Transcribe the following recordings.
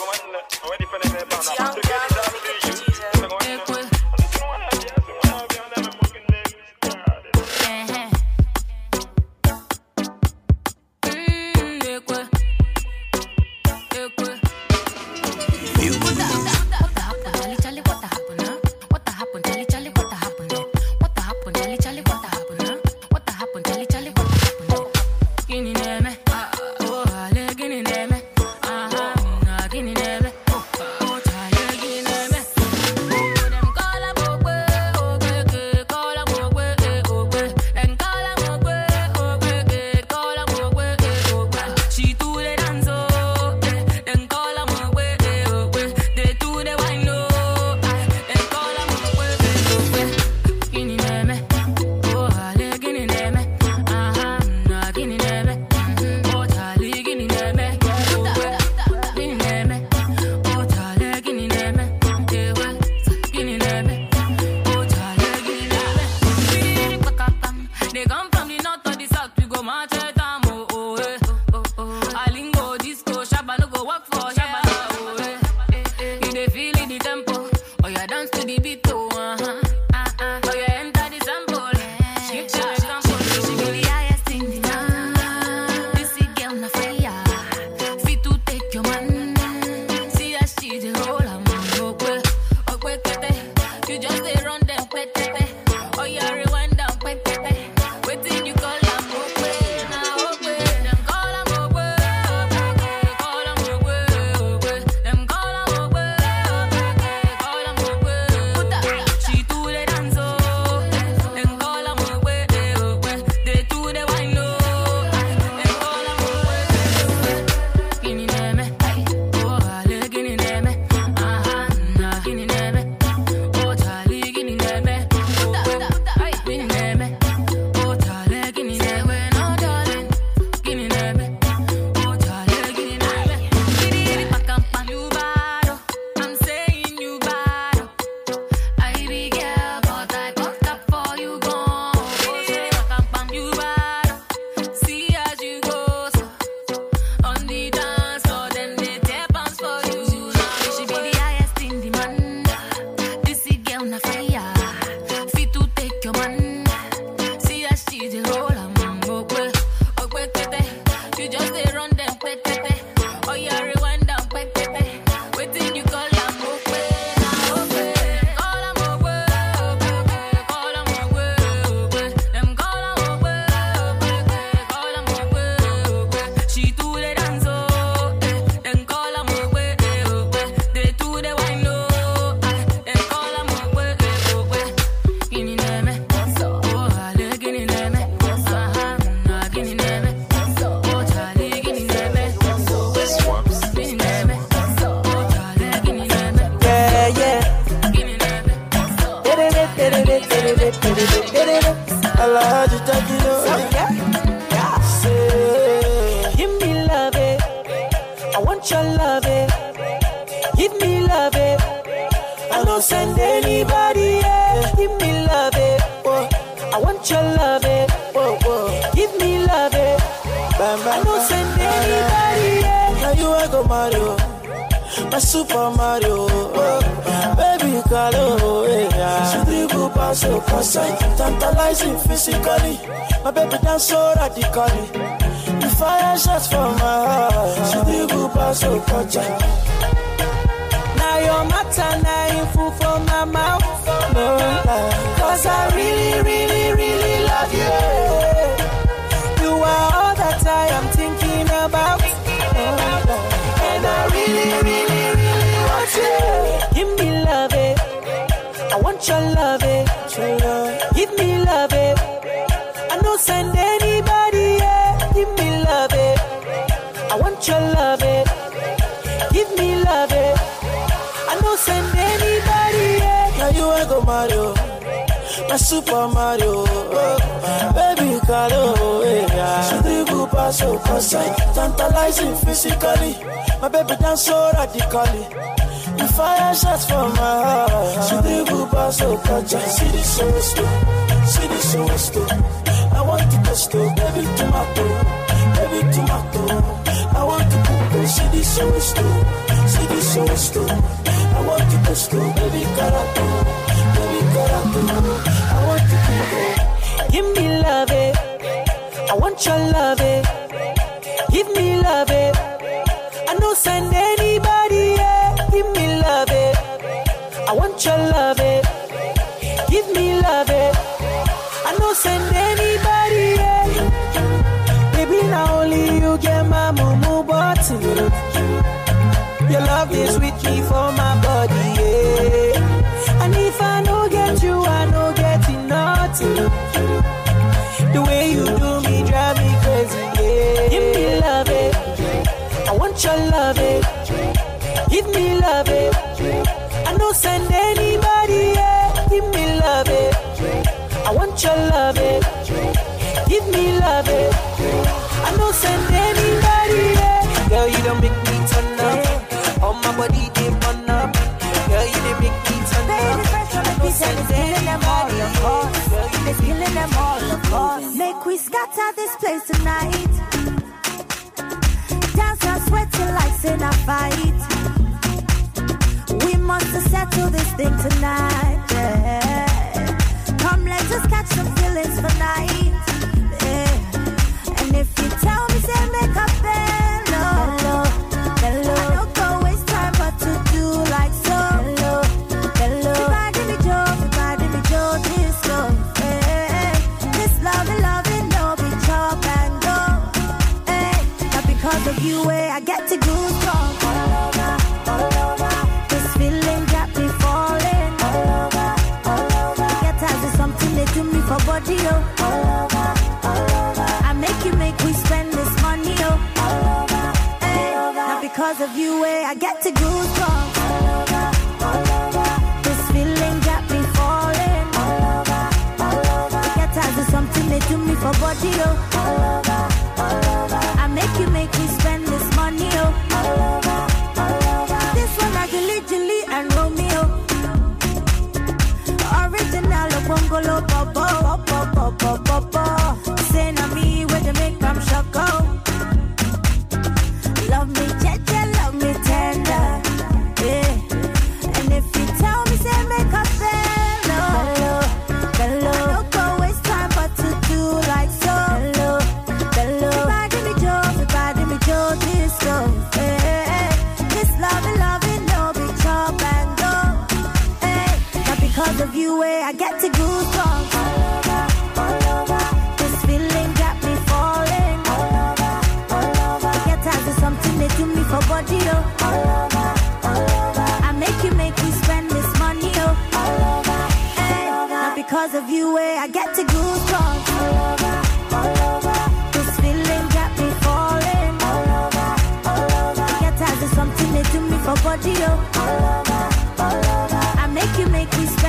Come on, ready for the next one. You just did. 靠家。a Super Mario. baby, Carlo, oh, yeah. She dribble pass so concise, tantalizing physically. My baby dance so radically. You fire shots from my heart. She dribble pass so concise. See this so slow, see this so slow. I want to touch it, baby, tomato, baby, tomato. I want to go. it. Oh, see this so slow, see this so slow. I want to touch it, baby, carato, baby, carato. want your love, eh? Give me love, eh? I don't send anybody, eh? Give me love, eh? I want your love, eh? Give me love, eh? I don't send anybody, eh? Baby, now only you get my mumu bottle. Your love is with me for your love, eh? Give me love, eh? I don't send anybody, eh? Give me love, eh? I want your love, eh? Give me love, eh? I don't send anybody, eh? Girl, you don't make me turn up. All my body, they burn up. Girl, you don't make me turn up. I don't send anybody, eh? Girl, you don't make me Make we scatter this place tonight us in a fight. We must settle this thing tonight. Yeah. Come, let us catch some feelings for night. make me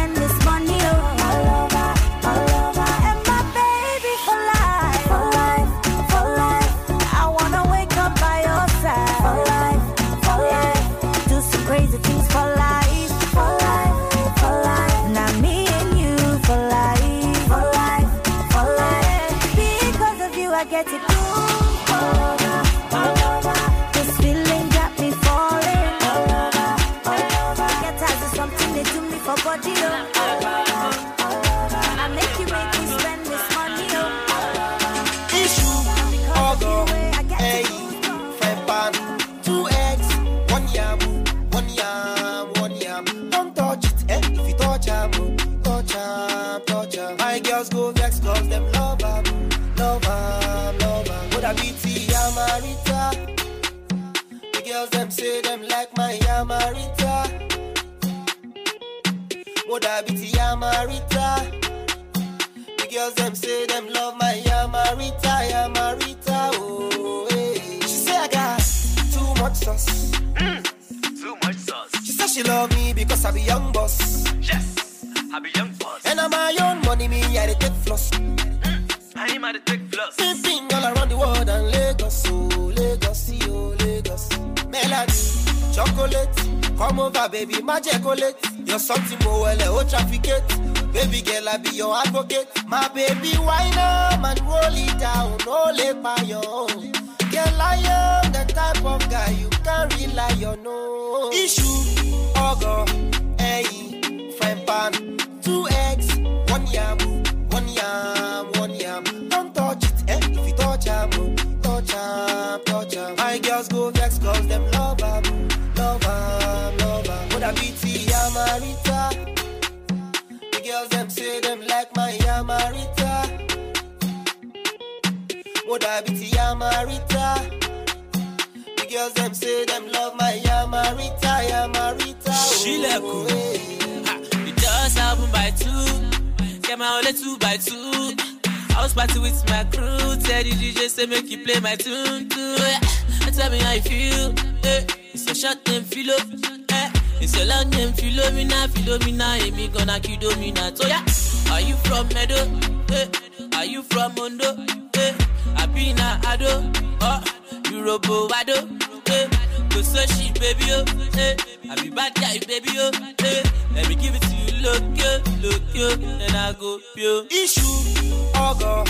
go.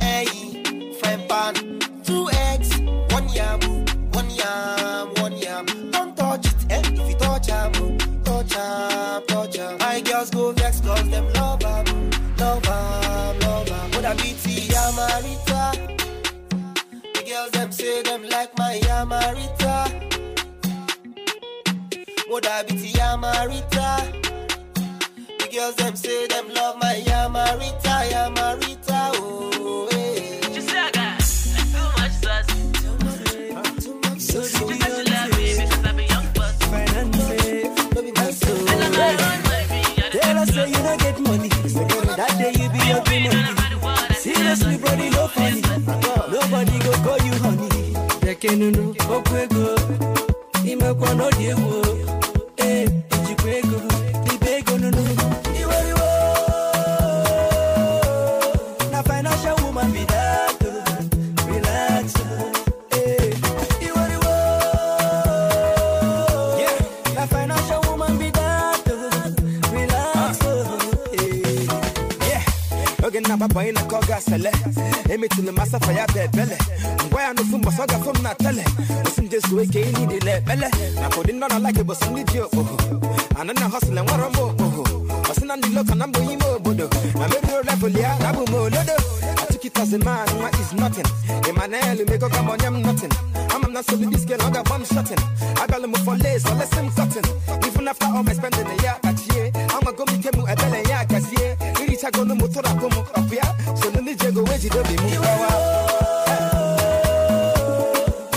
Hey, five pan, two eggs, one yam, one yam, one yam. Don't touch it, eh? If you touch yam, oh, touch yam, touch yam. My girls go vex cause them love yam, love yam, love yam. Would I be tea yamarita? The girls them say them like my yamarita. But I be tea yamarita? girls them say them love my Yamarita, Yamarita, oh, hey. Just say I got too much sauce. Too much, too much sauce. So she said love me because I'm young boss. Fine and safe, no be my soul. And I'm baby. Tell us say you don't get money. So that day you be the money. Seriously, bro, no funny. Nobody go call you honey. They can't know, go, go. Imekwano, dear, mabanyi na ka ọ ga-asele emetụla m asafa ya bụ ebele ngwa ya n'ofu mbọsị ọ gafe m na tele osi m jezuo ike ihe niile na ekpele maka ụdị ndị ọ na-ala ka ebosi ndị ji okpoho anana hosụl enwere m okpoho ọsị na ndị loka na mbụ ime obodo na meruo level ya na abụ m olodo atụkịtazi m anwa is nothing emmanuel mego ka m onye m nothing ama m na nsobi dis girl ọ ga-agba m shotin abịala m for lace olesi m cotton even after all my spending ya kachie anwago m ike m ebele chago no motora pomo afia so no ni jengo weji do be mu kawa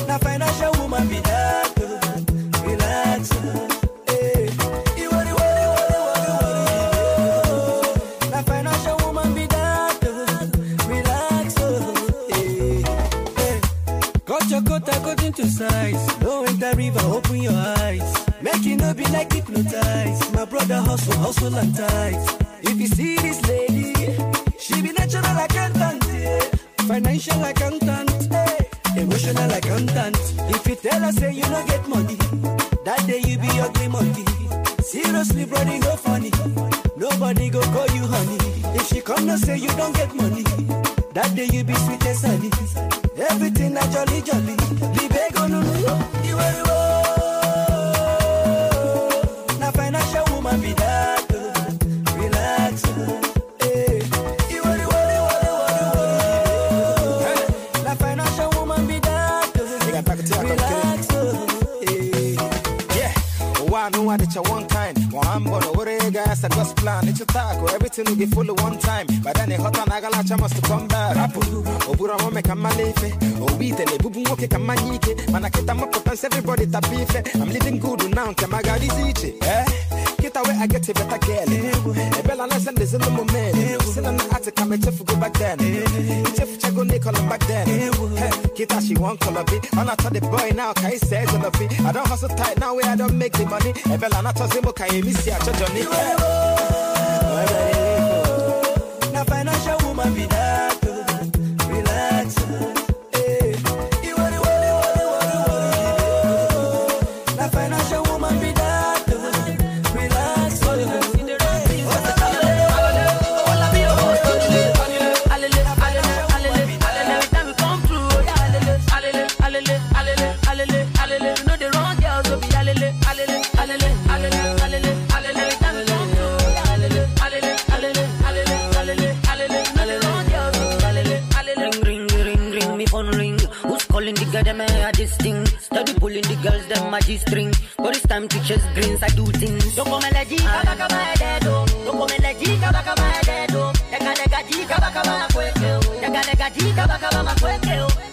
na financial woman be that relax Kota got into size. Low in the river, open your eyes. Make it no be like hypnotize. My brother hustle, hustle and tight. If You see this lady, she be natural accountant, financial accountant, eh, emotional accountant. If you tell her say you no get money, that day you be ugly monkey. Seriously, brody, no funny. Nobody go call you honey. If she come and say you don't get money, that day you be sweet as honey. Everything a jolly jolly. Libego no no. it's your one time. I'm on the guys, I just plan. It's a taco, everything will be full of one time. But then it hot and I got chance to come back. Rapu, Obura won't make a malefe. Obite, Bubu Moke Kamanike. Manaketa Mopotans, everybody tapife. I'm living good now, Kamagari Zichi. Eh? Get away, I get a better girl. A bella nice and the moment. my man. Sin on the attic, I'm a chef go back then. Chef check on Nicola back then. Get out, she won't call a bit. And I told the boy now, can you say on the feet? I don't hustle tight now, where I don't make the money. A bella not toss him, can you miss your Johnny? Now, financial woman be that. pulling the girl them a this thing. Steady pulling the girls them just string. But this time teachers greens I do things. Don't come elegy kaba kaba dedo. Don't come elegy kaba back up my dega oh. G kaba kaba makwekeo. Dega dega G kaba kaba makwekeo.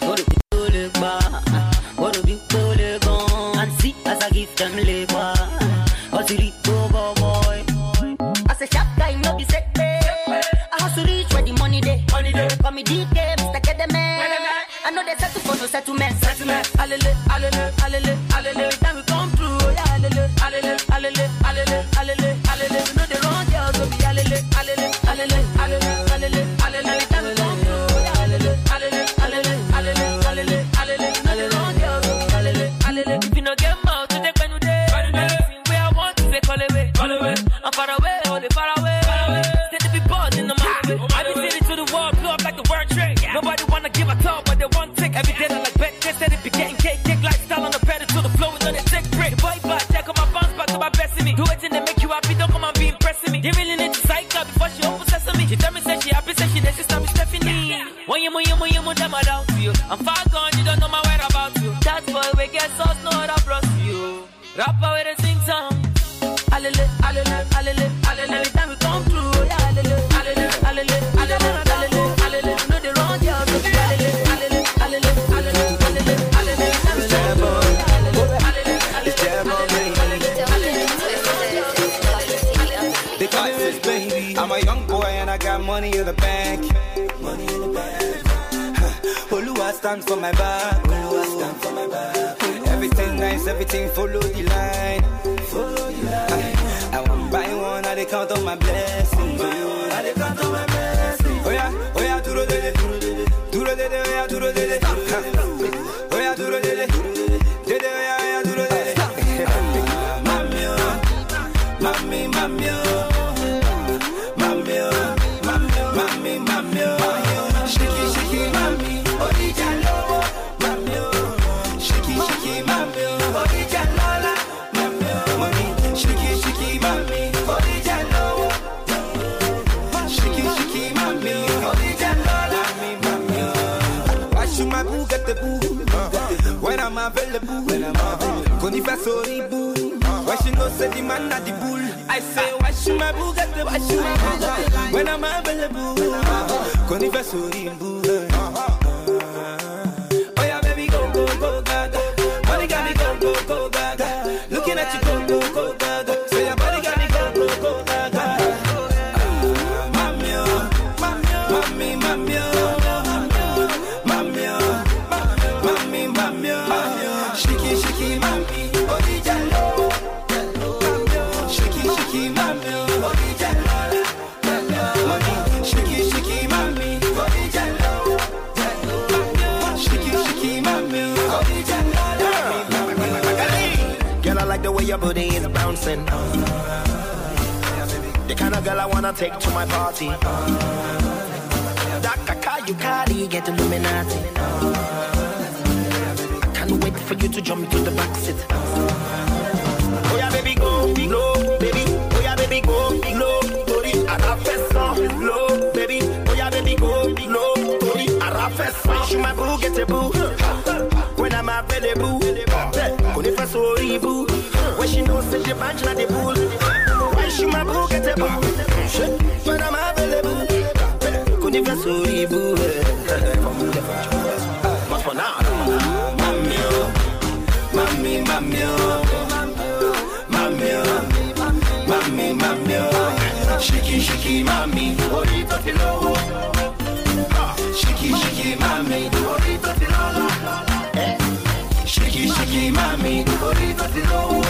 alele, alele, alele. got money in the bank. Money in the bank. Huh. Olua stands for my back. Olua stands for my back. Everything nice, everything follow the line. Follow the line. I, I want buy one, I they count on my blessings. I they count on my blessings. Oh yeah, oh yeah, duro dele, duro dele, duro dele, oh yeah, duro dele. Huh. Oh yeah, duro dele. say the man not the bull. I say wash my Bugatti, wash my Bugatti. When I'm available, con i versori in bull. girl I wanna take to my party. Dr. Kayukari, get Illuminati. I can't wait for you to jump to the back seat. Oh yeah, baby, go low, baby. Oh yeah, baby, go low, Tori. Arafesan, low, baby. Oh yeah, baby, go low, Tori. Arafesan. You my boo, get a boo. When I'm available, when if I saw boo, when she knows that the bunch not the boo. When she my boo, get a boo. Madame available. Mammy, Shiki, shiki, mammy. Orito te lobo. Ah, shiki, shiki, mammy. Orito te lolo. Eh, shiki, shiki, mammy. Orito te lobo.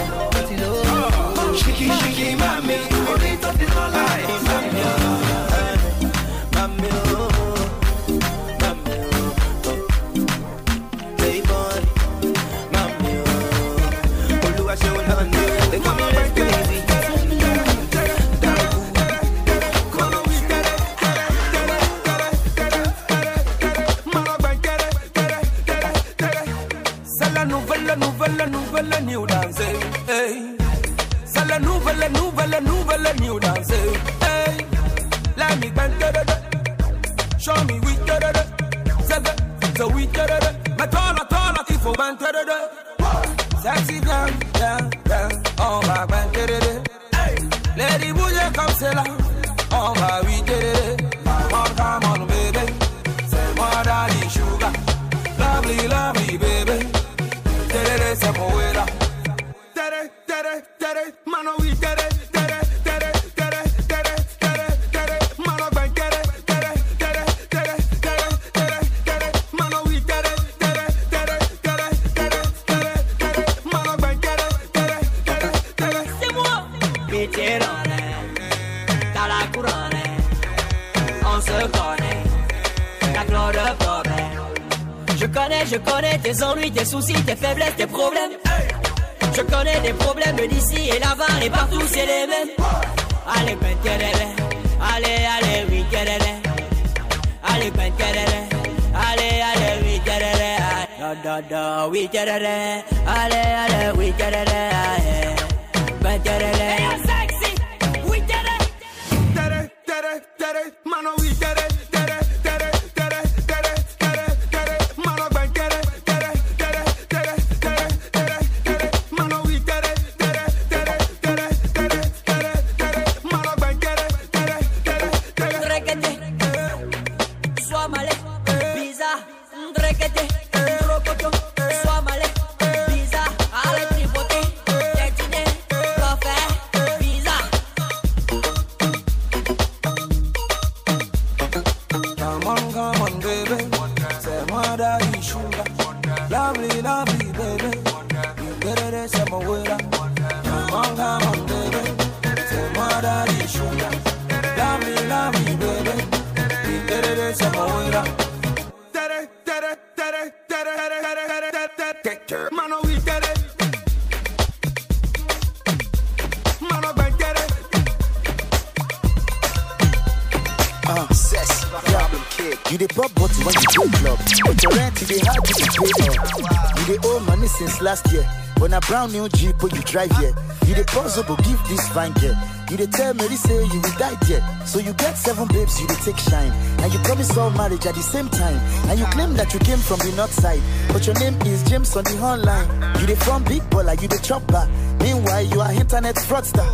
You dey pop bottle when you go club. But your rent you dey hard to pay up. You dey owe money since last year. When a brown new Jeep, when you drive here. You dey pause up, give this fine girl. You dey tell Mary say you will die yet. So you get seven babes, you dey take shine. And you promise all marriage at the same time. And you claim that you came from the north side. But your name is James on the online. You dey from big baller, you dey chopper. Meanwhile, you are internet fraudster.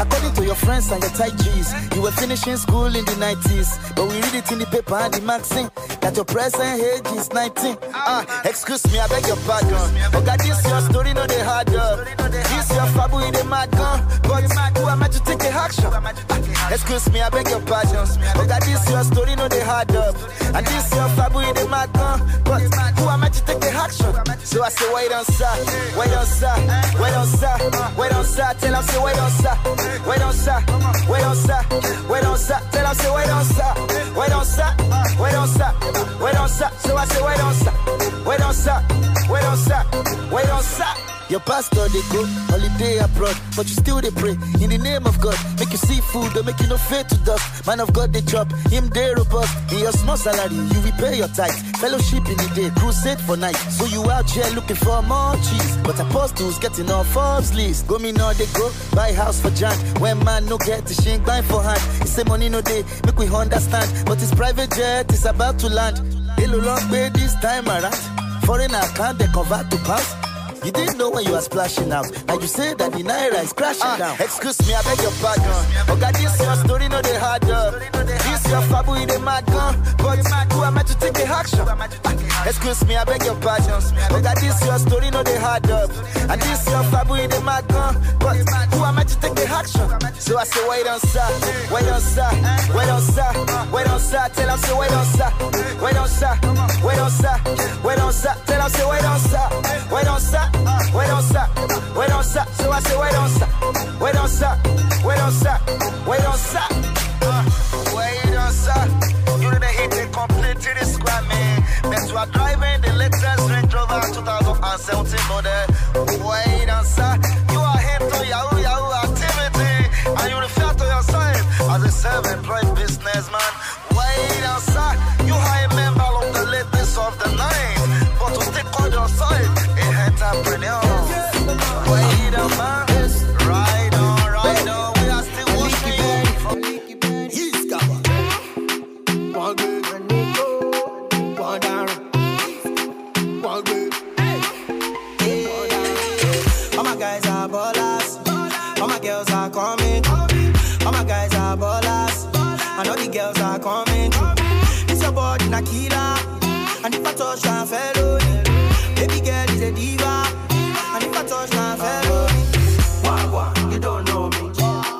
According to your friends and your tight G's, you were finishing school in the 90s. But we read it in the paper and the magazine that your present age is 19. Ah, excuse me, I beg your pardon. Oh God, this your story, no they up, This your fabu in the mad gun. But who am I to take the action. Excuse me, I beg your pardon. But God, this your story, no they hard up. And this your fabric, they mad gun. But who am I to take the action? So I say, wait on sir, wait on sir, wait on sir, wait on sir. Tell him say, wait on sir, wait on sir, wait on sir, wait on sir. Tell him say, wait on sir, wait on sir, wait on sir, wait on sir. So I say, wait on sir, wait on sir, wait on sir, wait on sir. Your pastor they go holiday abroad, but you still they pray in the name of God. Make you see food, don't make you no fear to dust. Man of God they chop him they robust. In your small salary, you repay your tithes. Fellowship in the day, crusade for night. So you out here looking for more cheese, but apostles getting off Forbes list. Go me now they go buy house for John. When man no get the shink buy for hand. He say money no day, make we understand. But his private jet is about to land. Hello long pay this time around. Foreign account they convert to pass. You didn't know when you were splashing out. Now you say that the naira is crashing ah, down. Excuse me, I beg your pardon. Oh God, this your story, no they hard up. Uh. This your fabu, it a mad gun. Uh. But who am I to take the action? Excuse me, I beg your pardon. But that this your story, no they hard up. And this your fabric, in the mad gun. But who am I to take the action? So I say, wait on sir, wait on sir, wait on sir, wait on sir. Tell him say, wait on sir, wait on sir, wait on sir, wait on sir. Tell him say, wait on sir, wait on sir, wait on sir, wait on sir. So I say, wait on sir, wait on sir, wait on sir, wait on sir, wait on sir. Driving the latest Range Rover 2017 model. girls are coming. All my guys are ballers. And all the girls are coming. This your body, Nakira. And if I touch, I fellow. Baby girl is a diva. And if I touch, I fellow. Wah, wah, you don't know me.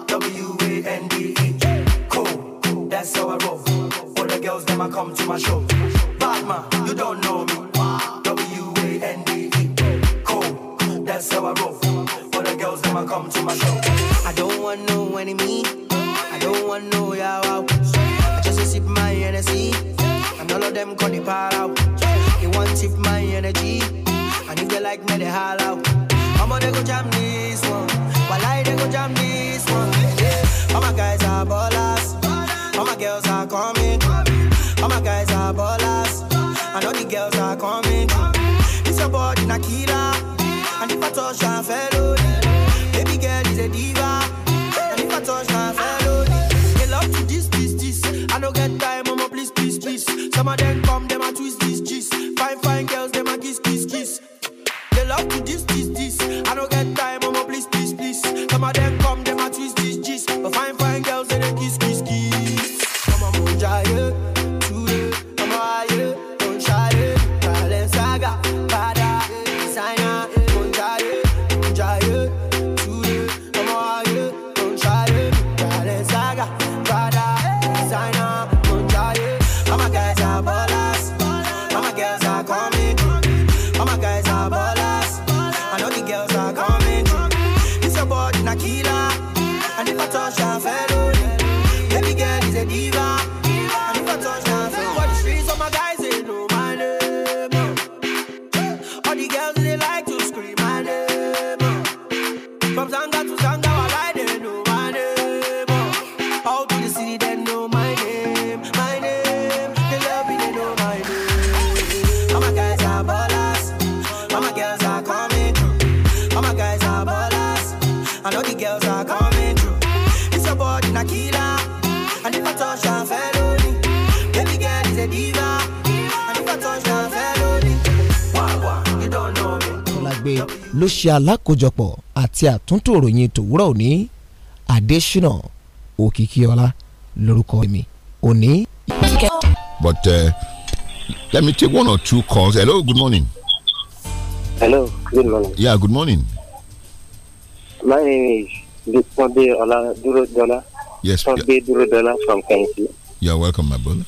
W-A-N-D-E. Cool, that's how I roll. All the girls, them, come to my show. enemy. I don't want no yeah, wow. I just a sip my energy. and all of them call the power out. They want sip my energy, and if they like me, they holler out. Mama, they go jam this one, while I they go jam this one. Yeah. All my guys are ballers, all my girls are coming. All my guys are ballers, and all the girls are coming. This your body, Nakira, and if I touch, I fellow. ṣe àtúntò ìròyìn tòwúrọ̀ òní Adésínà Òkìkíọlá lórúkọ mi òní. But uh, let me take one or two calls. Hello, good morning. Hello, good morning. Yeah, good morning. My name is Bismode Ola Durodola. Yes, Bismode Durodola from Kensi. You're welcome, my brother.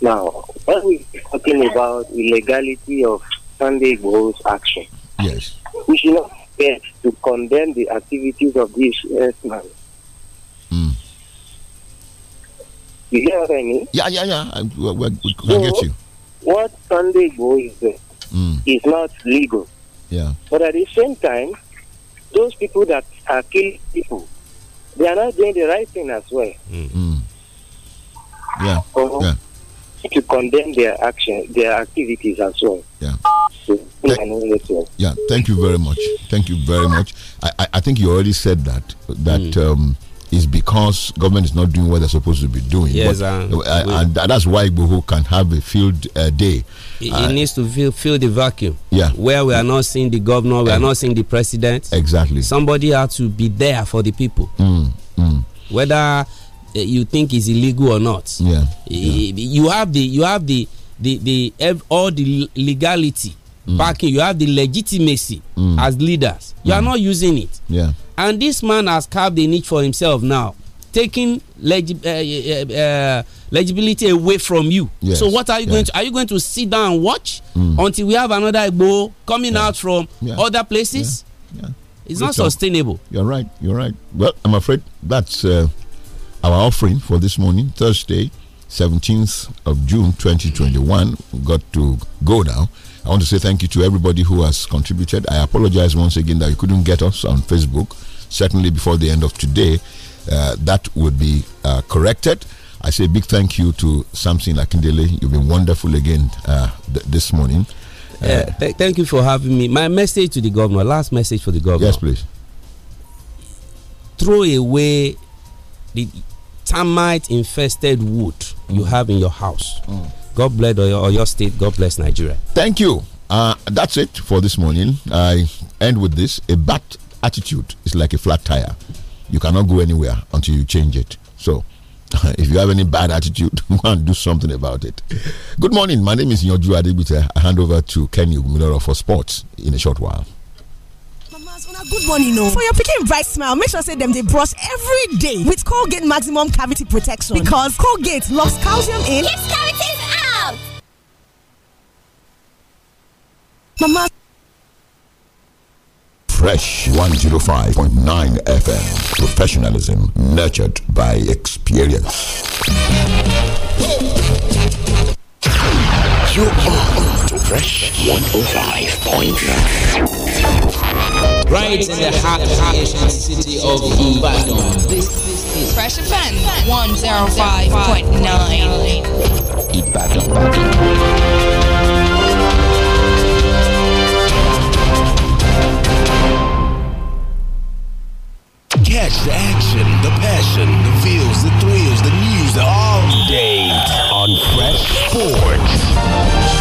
Now, when we talking about illegality of Sunday Igboho's action, yes, we should not to condemn the activities of these men. Mm. You hear what I mean? Yeah, yeah, yeah. I, I, I, so get you. What Sunday Go is mm. is not legal. Yeah. But at the same time, those people that are killing people, they are not doing the right thing as well. Mm Yeah. yeah. To condemn their action, their activities as well. Yeah. Th yeah, thank you very much. Thank you very much. I, I, I think you already said that that. Mm. Um, is because government is not doing what they're supposed to be doing. Yes, but, and, uh, and, that's why Boho can have a field uh, day. It, uh, needs to fill, fill the vacuum. Yeah. Where we are not seeing the governor, we are eh. not seeing the president. Exactly. Somebody has to be there for the people. Mm, mm. Whether eh, you think it's illegal or not. Yeah, yeah. You have the you have the the the all the legality Mm. backing. You have the legitimacy mm. as leaders. You are mm. not using it. Yeah. And this man has carved a niche for himself now, taking legi uh, uh, uh, legibility away from you. Yes. So what are you yes. going to? Are you going to sit down and watch until we have another Igbo coming yeah. out from yeah. other places? Yeah. It's not sustainable. You're right. You're right. Well, I'm afraid that's uh, our offering for this morning, Thursday, 17th of June, 2021. We've got to go now. I want to say thank you to everybody who has contributed. I apologize once again that you couldn't get us on Facebook. Certainly before the end of today, uh, that would be uh, corrected. I say big thank you to Samson Akindele. You've been wonderful again uh, th this morning. Uh, uh, th thank you for having me. My message to the governor, last message for the governor. Yes, please. Throw away the termite infested wood mm. you have in your house. Mm. God bless Oyo, your State. God bless Nigeria. Thank you. Uh, that's it for this morning. I end with this. A bad attitude is like a flat tire. You cannot go anywhere until you change it. So, if you have any bad attitude, go and do something about it. Good morning. My name is Nyoju Adebute. I hand over to Kenny Gumiloro for sports in a short while. good morning for your picking bright smile make sure say them they brush every day with colgate maximum cavity protection because colgate locks calcium in yes cavity Mama. Fresh 105.9 FM. Professionalism nurtured by experience. You are on Fresh 105.9. Right in the heart of the city of Ibadan. This, this is Fresh FM 105.9. Ibadan. the action, the passion, the feels, the thrills, the news, the all day on Fresh Sports.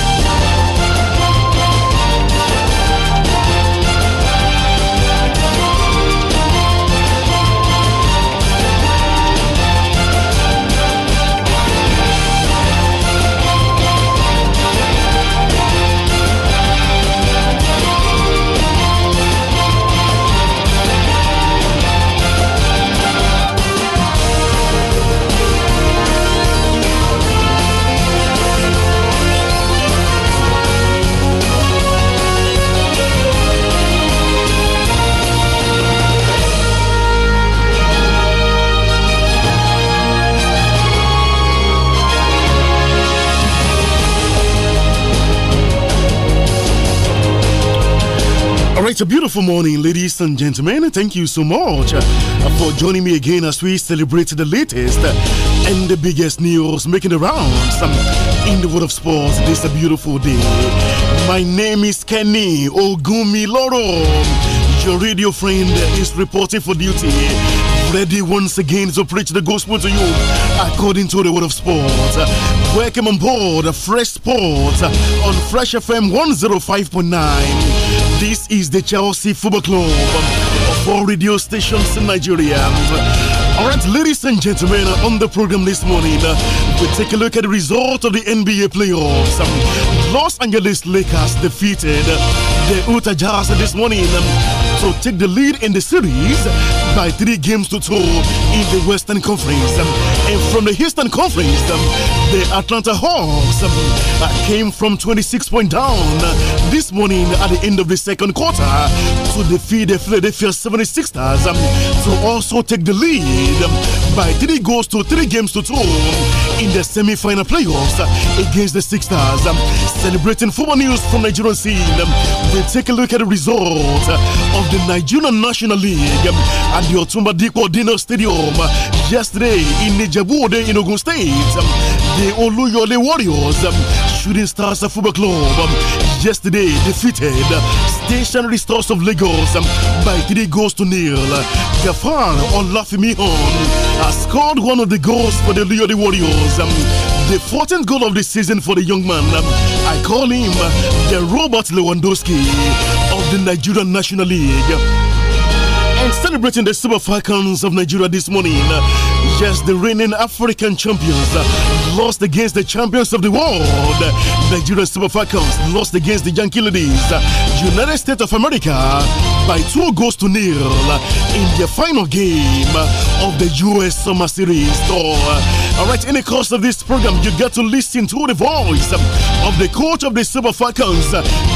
right, a beautiful morning, ladies and gentlemen. Thank you so much uh, for joining me again as we celebrate the latest and the biggest news making the rounds um, in the world of sports. This a beautiful day. My name is Kenny Ogumiloro. Your radio friend is reporting for duty, ready once again to preach the gospel to you according to the world of sports. Welcome on board Fresh Sports uh, on Fresh FM 105.9. This is the Chelsea Football Club of all radio stations in Nigeria. All right, ladies and gentlemen, on the program this morning, we take a look at the result of the NBA playoffs. Los Angeles Lakers defeated the Utah Jazz this morning to take the lead in the series by three games to two in the Western Conference. And from the Eastern Conference, the Atlanta Hawks uh, came from 26 points down this morning at the end of the second quarter to defeat the Philadelphia 76ers um, to also take the lead by three goals to three games to two in the semi-final playoffs against the Sixers. Um, celebrating football news from Nigerian scene, um, we take a look at the result uh, of the Nigerian National League um, at the Otumba Dikko Dinner Stadium um, yesterday in ijebu in Ogun State. Um, the Oluyole Warriors Shooting Stars Football Club yesterday defeated Stationary Stars of Lagos by three goals to nil. Gafan Olafimihon has scored one of the goals for the Oluyole Warriors the 14th goal of the season for the young man. I call him uh, the Robert Lewandowski the Nigerian National League and celebrating the Super Falcons of Nigeria this morning. Just the reigning African champions uh, lost against the champions of the world. Nigerian Super Falcons lost against the Yankee Ladies. United States of America by two goals to nil uh, in the final game uh, of the US Summer Series. So, all right, in the course of this program, you get to listen to the voice of the coach of the Super Falcons,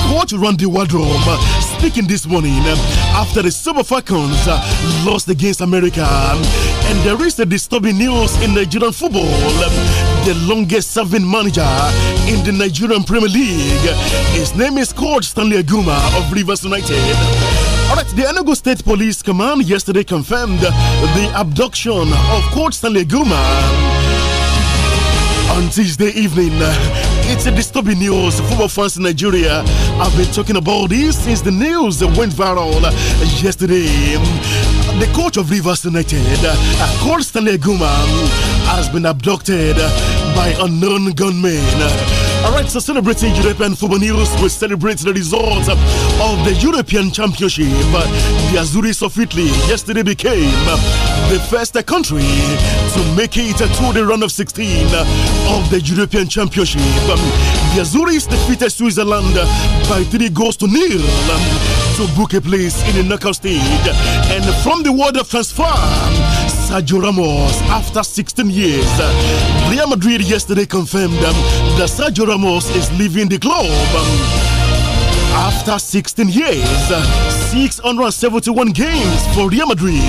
Coach Randy Wardrobe, speaking this morning after the Super Falcons lost against America. And there is a disturbing news in Nigerian football. Um, the longest serving manager in the Nigerian Premier League. His name is Coach Stanley Aguma of Rivers United. Alright, the Enugu State Police Command yesterday confirmed the abduction of Coach Stanley Aguma on Tuesday evening. It's a disturbing news. Football fans in Nigeria have been talking about this since the news went viral yesterday. The coach of Rivers United, called Stanley Guma, has been abducted by unknown gunmen. All right, so celebrating European football news, we celebrate the results of the European Championship. The Azuris of Italy yesterday became the first country to make it to the round of 16 of the European Championship. The Azuris defeated Switzerland by three goals to nil to book a place in the knockout stage. And from the world of transform, Sergio Ramos, after 16 years, Real Madrid yesterday confirmed um, that Sergio Ramos is leaving the club. After 16 years, 671 games for Real Madrid,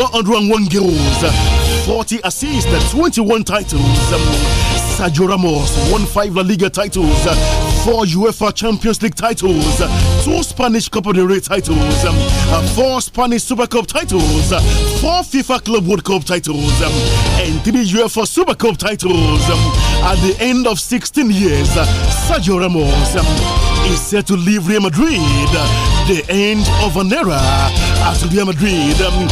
101 goals, 40 assists, 21 titles. Sergio Ramos won five La Liga titles four UEFA Champions League titles, two Spanish Copa del Rey titles, four Spanish Super Cup titles, four FIFA Club World Cup titles, and three UEFA Super Cup titles. At the end of 16 years, Sergio Ramos is set to leave Real Madrid. The end of an era at Real Madrid. Um,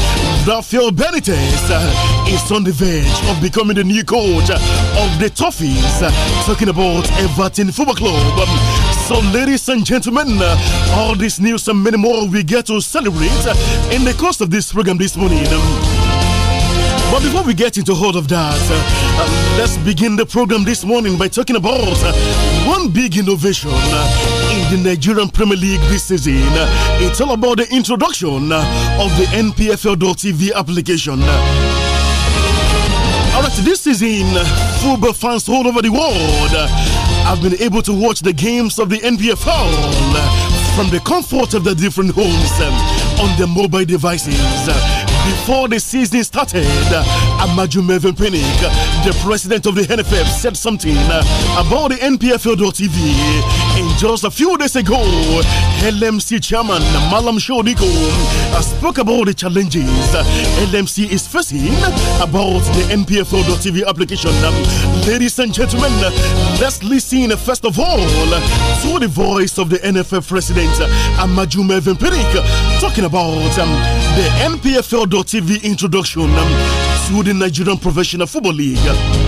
Rafael Benitez uh, is on the verge of becoming the new coach of the Toffees. Talking about Everton Football Club. Um, so, ladies and gentlemen, uh, all this news and many more we get to celebrate uh, in the course of this program this morning. Um, but before we get into all of that, uh, let's begin the program this morning by talking about uh, one big innovation uh, in the Nigerian Premier League this season. It's all about the introduction of the NPFL.TV application. Alright, this season, football fans all over the world have been able to watch the games of the NPFL from the comfort of their different homes um, on their mobile devices before the season started, Amaju Mervin Pinnick, the president of the NFF, said something about the NPFL.TV. Just a few days ago, LMC chairman Malam Shodiko spoke about the challenges LMC is facing about the npfl.tv application. Ladies and gentlemen, let's listen first of all to the voice of the NFF president Amaju Melvin talking about um, the npfl.tv introduction um, to the Nigerian Professional Football League.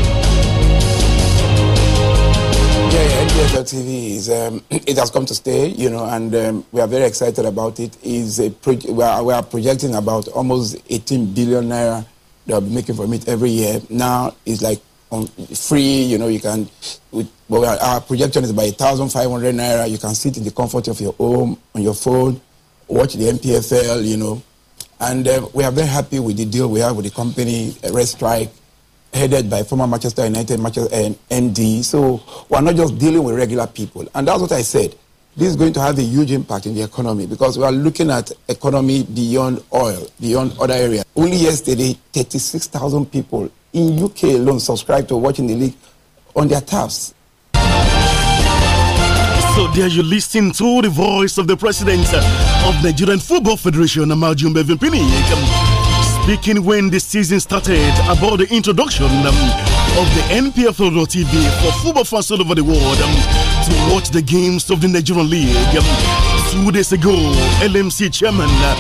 TV is um, it has come to stay, you know, and um, we are very excited about it. Is a pro- we, are, we are projecting about almost 18 billion naira they'll be making from it every year. Now it's like on free, you know, you can, with, well, our projection is by 1,500 naira. You can sit in the comfort of your home, on your phone, watch the MPFL, you know. And uh, we are very happy with the deal we have with the company, uh, Red Strike headed by former Manchester United Manchester, N. Eh, D. MD. So we're not just dealing with regular people. And that's what I said. This is going to have a huge impact in the economy because we are looking at economy beyond oil, beyond other areas. Only yesterday, 36,000 people in UK alone subscribed to watching the league on their tabs. So there you listen to the voice of the president of Nigerian Football Federation, Amaju Mbevin speaking when the season started about the introduction um, of the TV for football fans all over the world um, to watch the games of the Nigerian League. Um, two days ago, LMC chairman uh,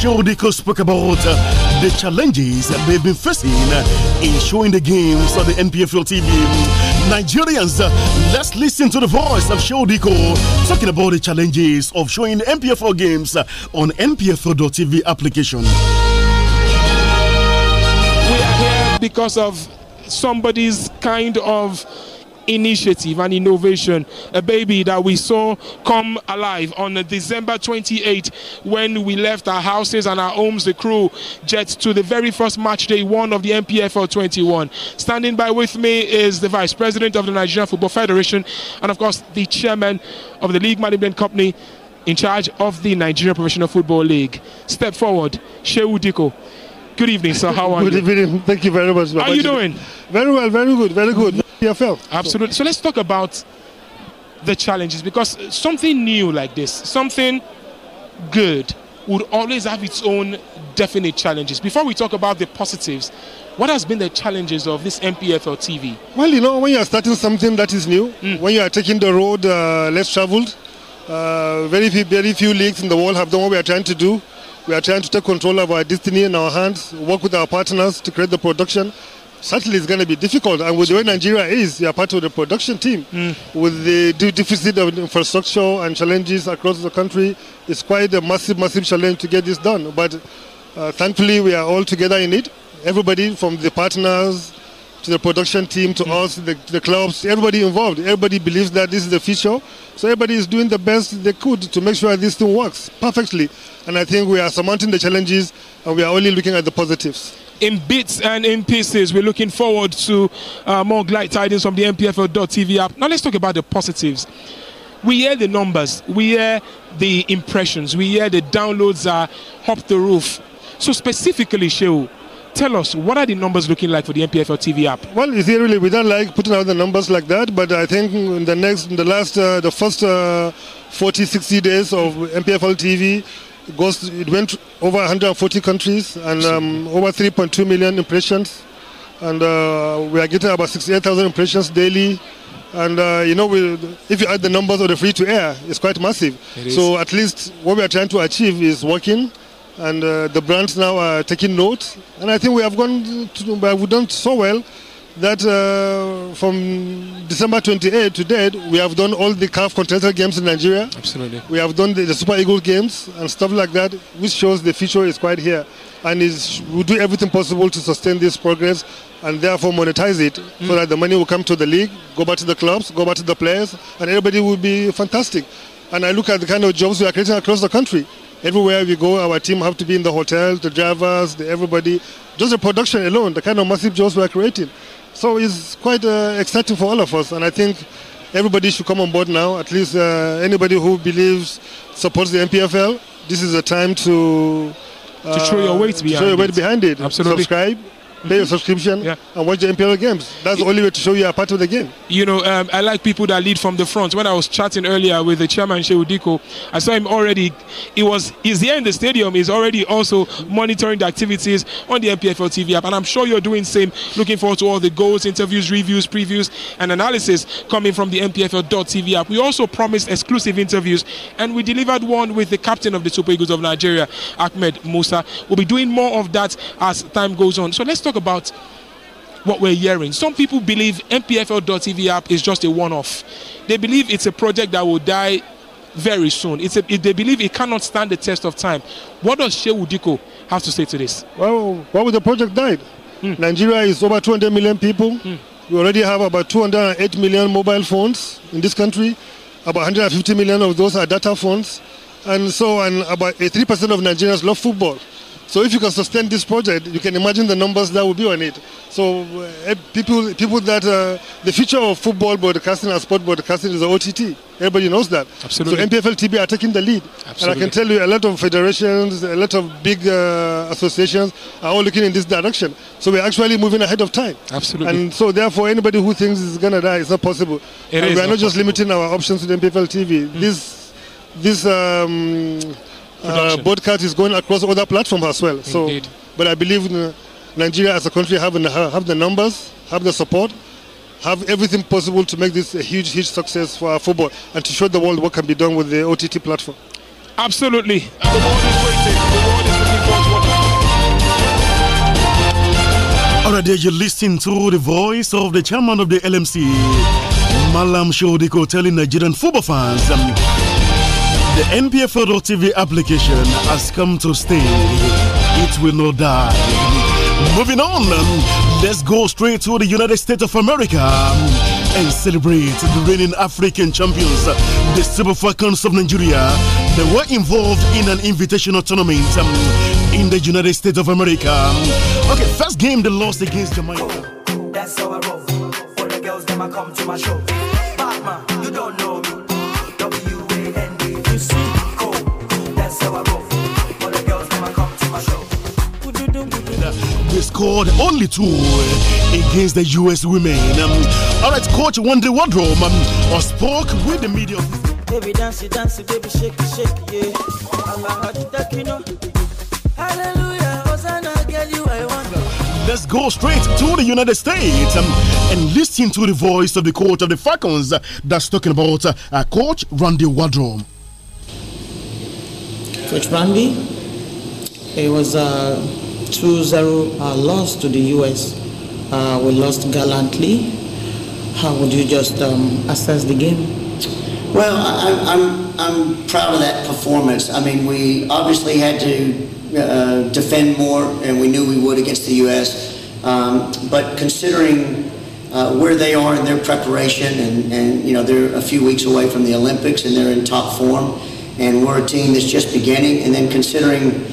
Shodiko spoke about uh, the challenges they've been facing uh, in showing the games on the NPFL TV. Nigerians, uh, let's listen to the voice of Shodiko talking about the challenges of showing the NPFL games uh, on NPFL.TV application because of somebody's kind of initiative and innovation. A baby that we saw come alive on December 28 when we left our houses and our homes, the crew jets to the very first match day one of the M.P.F. 21. Standing by with me is the Vice President of the Nigerian Football Federation and of course the Chairman of the League Management Company in charge of the Nigerian Professional Football League. Step forward, Shehu Diko. Good evening, sir. How are good you? Good evening. Thank you very much. How are you doing? Very well, very good, very good. EFL. Absolutely. So. let's talk about the challenges because something new like this, something good, would always have its own definite challenges. Before we talk about the positives, what has been the challenges of this MPFL TV? Well, you know, when you are starting something that is new, mm. when you are taking the road uh, less traveled, uh, very few, very few leagues in the world have done what we are trying to do. We are trying to take control of our destiny in our hands, work with our partners to create the production. Certainly, it's going to be difficult. And with the way Nigeria is, we are part of the production team. Mm. With the deficit of infrastructure and challenges across the country, it's quite a massive, massive challenge to get this done. But uh, thankfully, we are all together in it. Everybody from the partners, to the production team, to mm. us, the, the, clubs, everybody involved. Everybody believes that this is the future. So everybody is doing the best they could to make sure this thing works perfectly. And I think we are surmounting the challenges and we are only looking at the positives. In bits and in pieces, we're looking forward to uh, more glad tidings from the MPFL.tv app. Now let's talk about the positives we hear the numbers, we hear the impressions, we hear the downloads are up the roof. So specifically, Sheu, tell us what are the numbers looking like for the MPFL TV app? Well, in really, we don't like putting out the numbers like that, but I think in the next, in the last, uh, the first uh, 40, 60 days of MPFL TV goes, it went over 140 countries and um, over 3.2 million impressions, and uh, we are getting about 68,000 impressions daily. And uh, you know, we if you add the numbers of the free to air, it's quite massive. It so at least what we are trying to achieve is working and uh, the brands now are taking note. And I think we have gone, to, we've done so well that uh, from December 28 to date, we have done all the calf continental games in Nigeria. Absolutely. We have done the, the Super Eagle games and stuff like that, which shows the future is quite here. And is, we do everything possible to sustain this progress and therefore monetize it mm. so that the money will come to the league, go back to the clubs, go back to the players, and everybody will be fantastic. And I look at the kind of jobs we are creating across the country everywhere we go, our team have to be in the hotel, the drivers, the everybody. Just the production alone, the kind of massive jobs we are creating. So it's quite uh, exciting for all of us, and I think everybody should come on board now. At least uh, anybody who believes supports the MPFL, this is a time to uh, to show your weight uh, behind, show your weight behind it. Absolutely. Subscribe pay your subscription yeah. and watch the Imperial Games. That's the only way to show you are part of the game. You know, um, I like people that lead from the front. When I was chatting earlier with the chairman, Shehu Diko, I saw him already. He was He's here in the stadium. He's already also monitoring the activities on the MPFL TV app. And I'm sure you're doing same. Looking forward to all the goals, interviews, reviews, previews, and analysis coming from the MPFL.tv app. We also promised exclusive interviews, and we delivered one with the captain of the Super Eagles of Nigeria, Ahmed Musa. We'll be doing more of that as time goes on. So let's talk talk about what we're hearing. Some people believe MPFL.tv app is just a one-off. They believe it's a project that will die very soon. It's a, they believe it cannot stand the test of time. What does Shehu Diko have to say to this? Well, why would the project die? Mm. Nigeria is over 200 million people. Mm. We already have about 208 million mobile phones in this country. About 150 million of those are data phones. And so, and about 3% of Nigerians love football. So if you can sustain this project, you can imagine the numbers that will be on it. So uh, eh, people, people that uh, the future of football broadcasting and sport broadcasting is the OTT. Everybody knows that. Absolutely. So MPFL TV are taking the lead. Absolutely. And I can tell you a lot of federations, a lot of big uh, associations are all looking in this direction. So we're actually moving ahead of time. Absolutely. And so therefore anybody who thinks it's going to die, it's not possible. It and is we're not, not just limiting our options to MPFL TV. Mm. This, this um, the uh, broadcast is going across other platforms as well. So, Indeed. but I believe Nigeria as a country have have the numbers, have the support, have everything possible to make this a huge, huge success for our football and to show the world what can be done with the OTT platform. Absolutely. The world is waiting. The world is looking forward to Alright, there you're listening to the voice of the chairman of the LMC, Malam Shodiko, telling Nigerian football fans. Um, the NPF Federal TV application has come to stay. It will not die. Moving on, um, let's go straight to the United States of America um, and celebrate the reigning African champions, the Super Falcons of Nigeria. They were involved in an invitational tournament um, in the United States of America. Okay, first game they lost against Jamaica. That's how I roll. For the girls, them I come to my show. Batman, you don't know scored only two eh, against the U.S. women. Um, all right, Coach Wendy Wardrobe um, or spoke with the media. Baby, dance, dance, baby, shake, shake, yeah. Hallelujah, girl, you I want. Let's go straight to the United States um, and listen to the voice of the coach of the Falcons uh, that's talking about uh, uh Coach Randy Wardrobe. Coach Brandy. It was a uh, 2-0 uh, loss to the U.S. Uh, we lost gallantly. How would you just um, assess the game? Well, I'm, I'm, I'm proud of that performance. I mean, we obviously had to uh, defend more, and we knew we would against the U.S. Um, but considering uh, where they are in their preparation, and, and you know they're a few weeks away from the Olympics, and they're in top form and we're a team that's just beginning. And then considering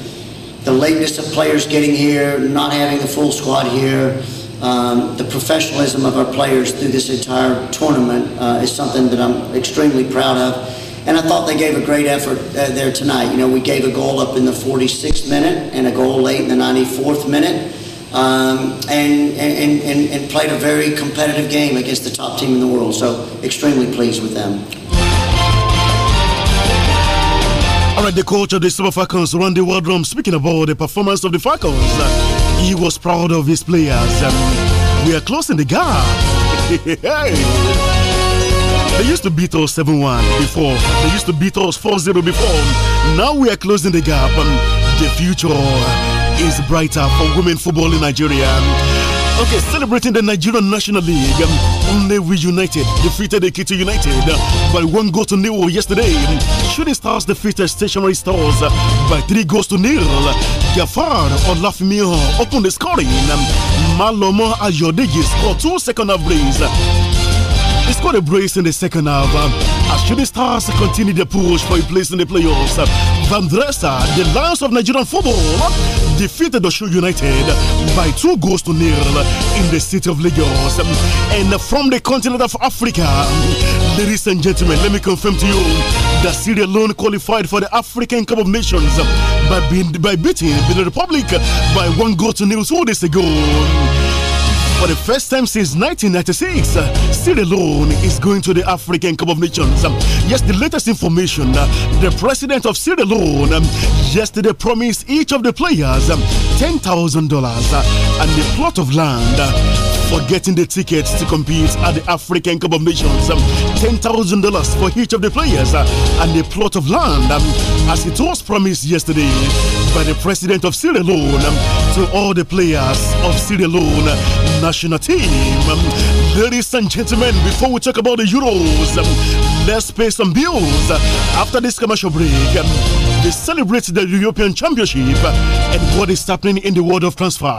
the lateness of players getting here, not having the full squad here, um, the professionalism of our players through this entire tournament uh, is something that I'm extremely proud of. And I thought they gave a great effort uh, there tonight. You know, we gave a goal up in the 46th minute and a goal late in the 94th minute. Um, and, and, and, and played a very competitive game against the top team in the world. So extremely pleased with them. All right, the coach of the Super Falcons, Randy Wardrum, speaking about the performance of the Falcons, he was proud of his players. Um, we are closing the gap. they used to beat us 7 1 before, they used to beat us 4 0 before. Now we are closing the gap. Um, the future is brighter for women football in Nigeria. Um, okay, celebrating the Nigerian National League. Um, Onlewi United defeated Ekiti United by one goal to nil yesterday. Shooting Stars defeated Stationary Stars by three goals to nil. Gafar Olafimiho opened the scoring. Malomo Ayodeji scored two second half brace. He scored a brace in the second half. As Shooting Stars continue the push for a place in the playoffs, Van Dresser, the Lions of Nigerian football, defeated Osho United by two goals to nil in the city of Lagos. And from the continent of Africa, ladies and gentlemen, let me confirm to you that Syria alone qualified for the African Cup of Nations by, being, by beating the Republic by one goal to nil two days ago. For the first time since 1996, uh, Sierra Leone is going to the African Cup of Nations. yes, the latest information the president of Sierra Leone yesterday promised each of the players $10,000 and a plot of land for getting the tickets to compete at the African Cup of Nations. $10,000 for each of the players and a plot of land, as it was promised yesterday by the president of Sierra Leone to all the players of Sierra Leone national team. Um, ladies and gentlemen, before we talk about the Euros, um, let's pay some bills. After this commercial break, they um, celebrate the European Championship and what is happening in the world of transfer.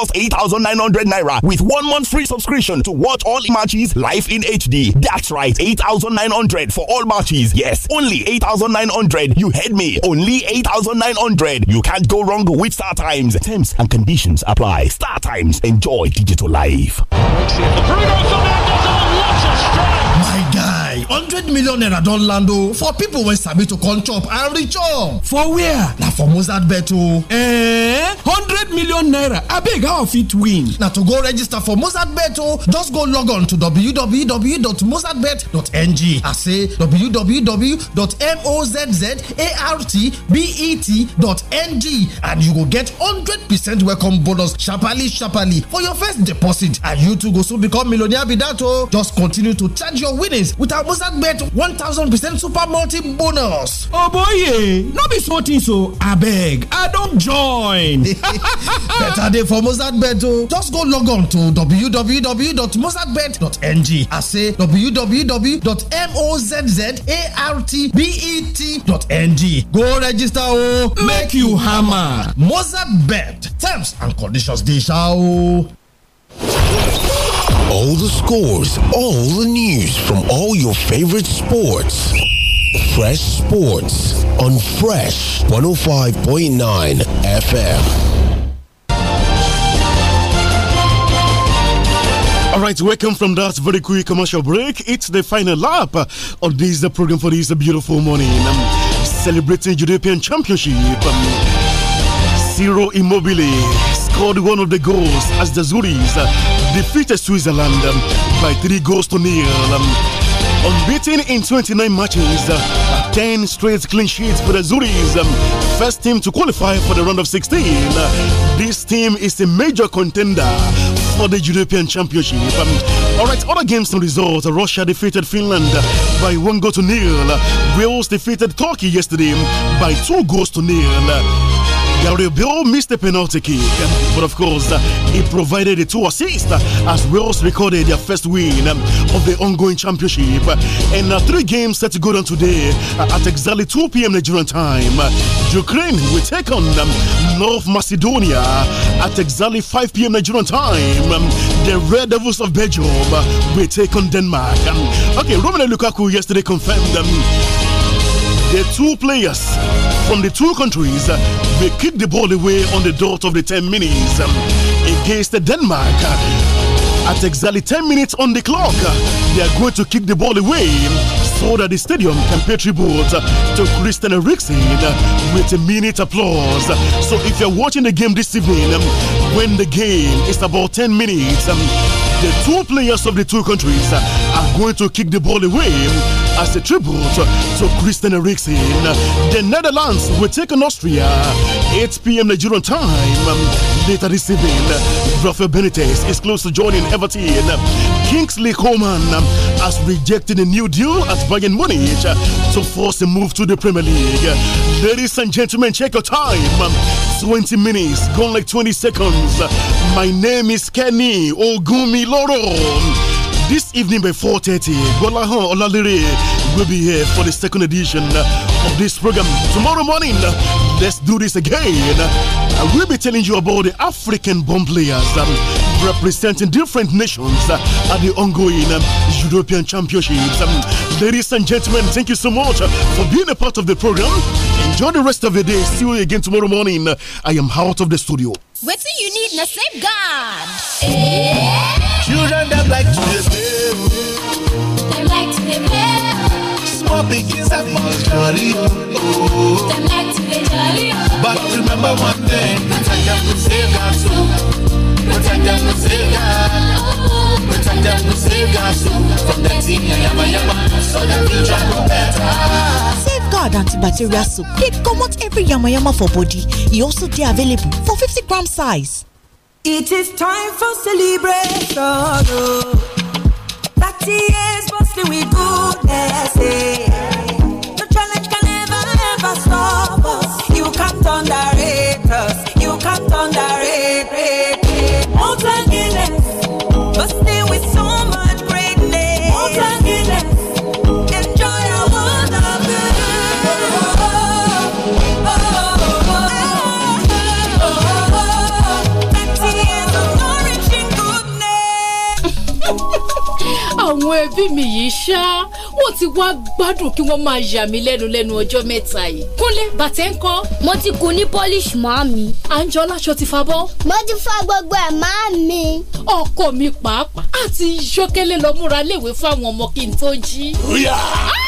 just 8,900 naira with one month free subscription to watch all matches live in HD. That's right, 8,900 for all matches. Yes, only 8,900. You heard me. Only 8,900. You can't go wrong with Star Times. Terms and conditions apply. Star Times. Enjoy digital life. hundred million naira don land o for people wey sabi to come chop and reach up. for where? na for mozart bet o. Eh, hundred million naira abeg how i fit win? na to go register for mozart bet o just go log on to www.mozartbet.ng as say www.mozzartbet.ng and you go get hundred percent welcome bonus sharparly sharparly for your first deposit and you too go soon become millionaire be that o. just continue to charge your winnings with our mozart concert bet one thousand percent super multi bonus. oh boy no be so thing so abeg i don't join. better day for mozart bet o oh. just go log on to www.mozartbet.ng I say www.mozzartbet.ng go register o oh. make you hammer mozart bet terms and conditions dey sha o. Oh. All the scores, all the news from all your favorite sports. Fresh Sports on Fresh 105.9 FM. All right, welcome from that very quick commercial break. It's the final lap of this the program for this beautiful morning. I'm celebrating European Championship. Um, Ciro Immobile scored one of the goals as the Zuris defeated Switzerland um, by three goals to nil. Um, unbeaten in 29 matches, uh, 10 straight clean sheets for the Zuris. Um, first team to qualify for the round of 16. Uh, this team is a major contender for the European Championship. Um, all right, other games and results. Russia defeated Finland uh, by one goal to nil. Uh. Wales defeated Turkey yesterday um, by two goals to nil. Uh. Bill missed the penalty kick, but of course, uh, he provided the two assists uh, as Wales recorded their first win um, of the ongoing championship. And uh, three games set to go on today at exactly 2 p.m. Nigerian time. Ukraine will take on um, North Macedonia at exactly 5 p.m. Nigerian time. Um, the Red Devils of Belgium will take on Denmark. Okay, Romelu Lukaku yesterday confirmed them the two players from the two countries will uh, kick the ball away on the dot of the 10 minutes um, against Denmark. At exactly 10 minutes on the clock, uh, they are going to kick the ball away um, so that the stadium can pay tribute uh, to Christian Eriksen with a minute applause. So if you're watching the game this evening, um, when the game is about 10 minutes, the two players of the two countries going to kick the ball away as a tribute to Christian Eriksen. The Netherlands will take on Austria 8 p.m. Nigerian time. Later this evening, Rafael Benitez is close to joining Everton. Kingsley Coman has rejected a new deal at Bayern Munich to force a move to the Premier League. Ladies and gentlemen, check your time. 20 minutes, gone like 20 seconds. My name is Kenny Ogumiloro. This evening by 4.30, Golahan Olalere will be here for the second edition of this program. Tomorrow morning, let's do this again. I will be telling you about the African bomb players. Um, representing different nations uh, at the ongoing um, European Championships. Um, ladies and gentlemen, thank you so much uh, for being a part of the program. Enjoy the rest of the day. See you again tomorrow morning. I am out of the studio. What do you need na safeguard. Children dem like to dey play. like to dey play. Small pikin sabi dey jolly. Dem oh. like to dey jolly. Oh. But remember one thing, protect dem with safeguard too. Protect them with save God. Protect them with save God. So from the team, yama yama, so the future go better. Safeguard antibacterial soap. They come every yama yama for body. It also they available for 50 gram size. It is time for celebration. Oh. 30 years bustling with goodness. Eh. àwọn ẹbí mi yìí ṣá wọ́n ti wá gbádùn kí wọ́n máa yà mí lẹ́nu lẹ́nu ọjọ́ mẹ́ta yìí. kúnlẹ̀ bàtẹ́ ń kọ́. mo ti kun ní polish máa mi. àǹjọ láṣọ ti fa bọ́. mo ti fa gbogbo ẹ̀ máa mi. ọkọ mi pàápàá àti yọkẹ́lẹ́ lọ múra léwe fún àwọn ọmọ kí n tó jí. ríà. Ah!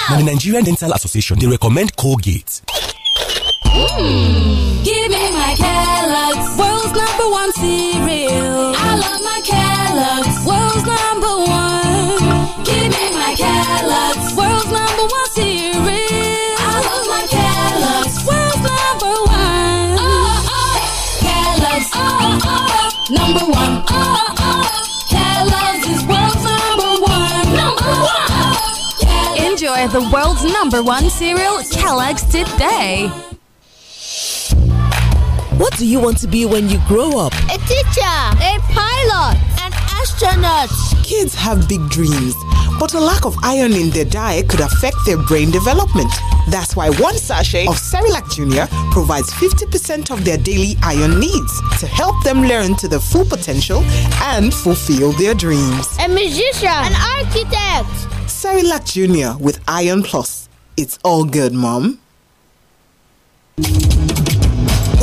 Now, the Nigerian Dental Association, they recommend Colgate. Mm. Give me my Kellogg's, world's number one cereal. I love my Kellogg's, world's number one. Give me my Kellogg's, world's number one cereal. I love my Kellogg's, world's number one. Oh, oh. Kellogg's, oh, oh, number one. Oh, oh. the world's number one cereal, Kellogg's, today. What do you want to be when you grow up? A teacher, a pilot, an astronaut. Kids have big dreams, but a lack of iron in their diet could affect their brain development. That's why one sachet of Cerilac Junior provides 50% of their daily iron needs to help them learn to their full potential and fulfill their dreams. A musician, an architect. Cerilac Junior with Iron Plus. It's all good, Mom.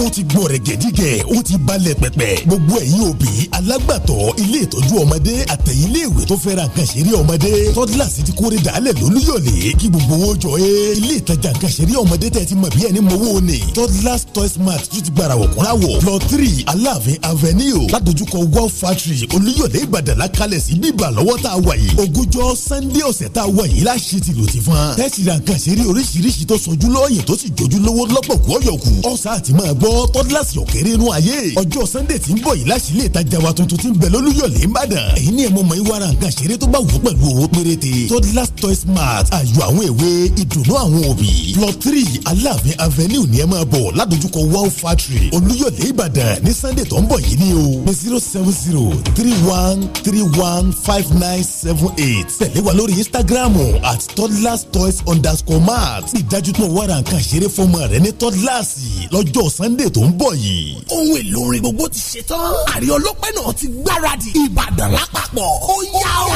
ó ti gbọ̀n rẹ̀ gẹ̀dígẹ̀ ó ti balẹ̀ pẹ̀pẹ̀ gbogbo ẹ̀yin òbí alágbàtọ́ ilé ìtọ́jú ọmọdé àtẹ̀yìnléèwé tó fẹ́ ra nǹkan ṣeré ọmọdé toddlers ti kórè dàálẹ̀ lólúyọ̀lé kí gbogbo owó jọ ẹ́ ilé ìtajà nǹkan ṣeré ọmọdé tẹ̀ ti mọ̀ bí ẹni mowó ni toddlers toys mart tún ti gbàrà wọ̀kúnráwọ̀ plot three aláàfin avenue ládojúkọ wow factory olúyọ̀lé ìbàdàn lákàlẹ̀ sí bíbà lọ́wọ́ tá a wà yìí ogúnjọ́ sunday ọ̀sẹ̀ tá a wà yìí láṣẹ tìlù ti fún wa tẹ́sí ra nǹkan ṣeré oríṣiríṣi tó sojú lọ́ọ̀yìn tó sì jojú lówó lọ́pọ̀ kú ọ̀yọ̀kù ọ̀sà àti máa gbọ́ toddlers ló kéré inú ayé ọjọ́ sunday tí ń bọ̀ yìí láti ilé ìtajà wa tuntun ti ń bẹ̀ lólúyọ̀lé ìbàdàn èyí ni ẹ̀mọ́ mọ̀ọ́yìn wàrà nǹkan ṣeré tó bá wù ú pẹ̀lú owó péréte toddlers toys mart ayọ̀ àwọn èwe ìdùnnú àwọn òbí plot three aláàfin avenue ní ẹ máa bọ̀ ládojúkọ wow factory olúyọ̀lé ìbàdàn ní sunday tó ń bọ̀ yìí ni o ní zero seven zero three one three one five nine seven eight tẹ̀lé wa lórí instagram at toddlers toys underscore mart ìdájú tó wàrà nǹkan ṣeré fọmọ rẹ ní toddlers lọ́jọ́ sunday sunday tó ń bọ̀ yìí. ohun èlò orin gbogbo ti ṣe tán. àrí ọlọ́pẹ́ náà ti gbáradì. ìbàdàn lápapọ̀ ó yá o.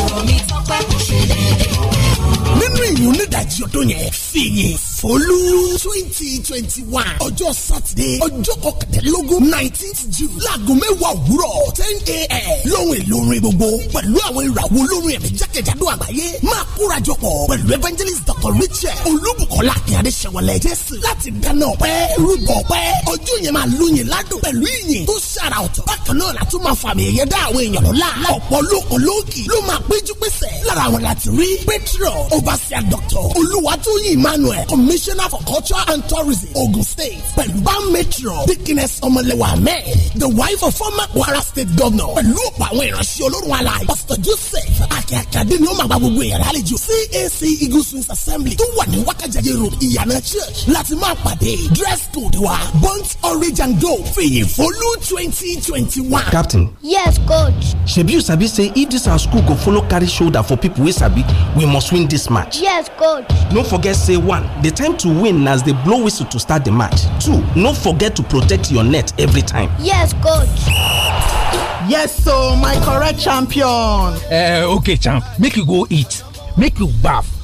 ọ̀rọ̀ mi tọ́pẹ́ kò ṣe déédéé nínú ìlú onídàájí ọdún yẹn fìyìn fọlú twenty twenty one ọjọ́ sátidé ọjọ́ kọkàndínlógún nineteenth june láago mẹ́wàá òwúrọ̀ ten a.m. lóhùn èlò orin gbogbo pẹ̀lú àwọn ìràwọ̀ olórin ẹ̀mí jákèjádò àgbáyé máa kórajọ pọ̀ pẹ̀lú evangelist dr richard olúbùkọ́lá akínyàdé sẹ̀wọ̀lẹ̀ jésù láti dáná ọpẹ́ rúbọ ọpẹ́ ọjọ́ yẹn máa lóyin ládùn pẹ̀lú ìyìn tó ṣàrà ọ̀tọ̀ bákan náà látún máa fàmì ẹ̀yẹ dá àwọn èèyàn lọ́la ọ̀pọ̀ lóko lóòkì ló máa péjú pèsè lára àwọn láti rí petrol overseer doctor olùwàtúyìn emmanuel commissioner for culture and tourism ogun state pẹ̀lú bá metro dikines ọmọlẹ́wà ahmed the wife of former kwara state governor pẹ̀lú ọ̀pọ̀ àwọn ìránṣẹ́ olórun alaye pastor joseph akíakíadé ni ó máa gba gbogbo ìyàrá àlejò cac eagle assembly tó wà ní wákàjẹ́jẹ́ road ìyànà church láti máa pàdé dress code wa burnt orange and gold fìyìn fólú twenty twenty one. captain. yes coach. shebi you sabi say if this our school go follow carry shoulder for people wey sabi we must win this dis match yes coach no forget say one The time to win na as they blow whistle to start the match two no forget to protect your net every time yes coach yes so my correct champion eh okay champ make you go eat make you baff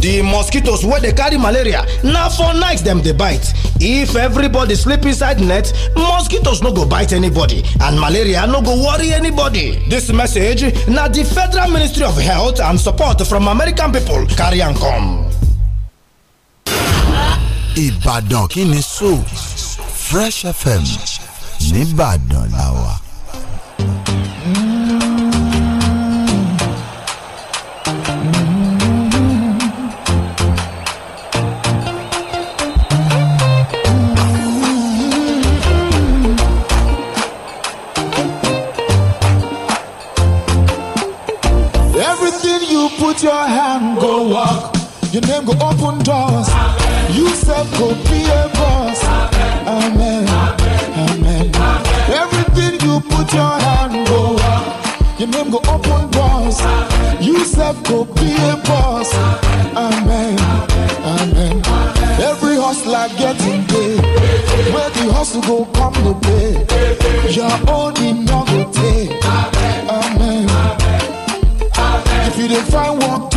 the mosquitoes wey dey carry malaria na for night dem dey bite if everybody sleep inside net mosquitoes no go bite anybody and malaria no go worry anybody dis message na di federal ministry of health and support from american pipo carry am come. ìbàdàn kí ni so fresh fm nìbàdàn làwà. Your name go open doors. Amen. You self go be a boss. Amen. Amen. Amen. Everything you put your hand over. Your name go open doors. You self go be a boss. Amen. Amen. Every hustler getting paid. Where the hustle go come to pay. Your own not go take. Amen. Amen. If you define work.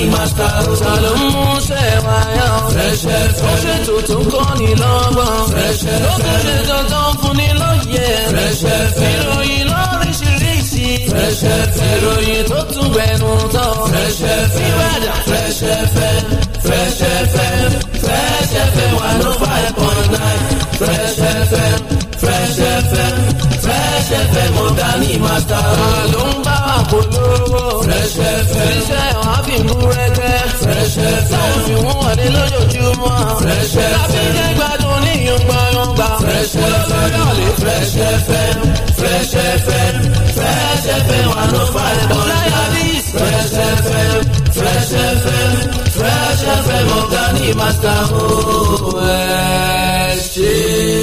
lẹ́yìn máta ta ló ń mú sẹ́wà yọ. fẹsẹ̀ fẹsẹ̀ tuntun kọ́ ni lọ́gbọ̀n. fẹsẹ̀ fẹsẹ̀ lókèjì tuntun fún ni lóye. fẹsẹ̀ fẹsẹ̀ ìròyìn lóríṣiríṣi. fẹsẹ̀ fẹsẹ̀ ìròyìn tó tún gbẹnu tán. fẹsẹ̀ fẹsẹ̀ ìbàdàn fẹsẹ̀ fẹsẹ̀ fẹsẹ̀ fẹsẹ̀ fẹsẹ̀ fẹsẹ̀ wà ló five point nine. fẹsẹ̀ fẹsẹ̀ fẹsẹ̀ fẹsẹ̀ fẹsẹ̀ fẹsẹ̀ mọ̀gá ni máta. àlọ́ ń bá FM, Fresh FM, Fresh FM 105.9. Fresh FM, Fresh FM, Fresh FM ọ̀gá ni màtà ó ẹ̀ ṣe.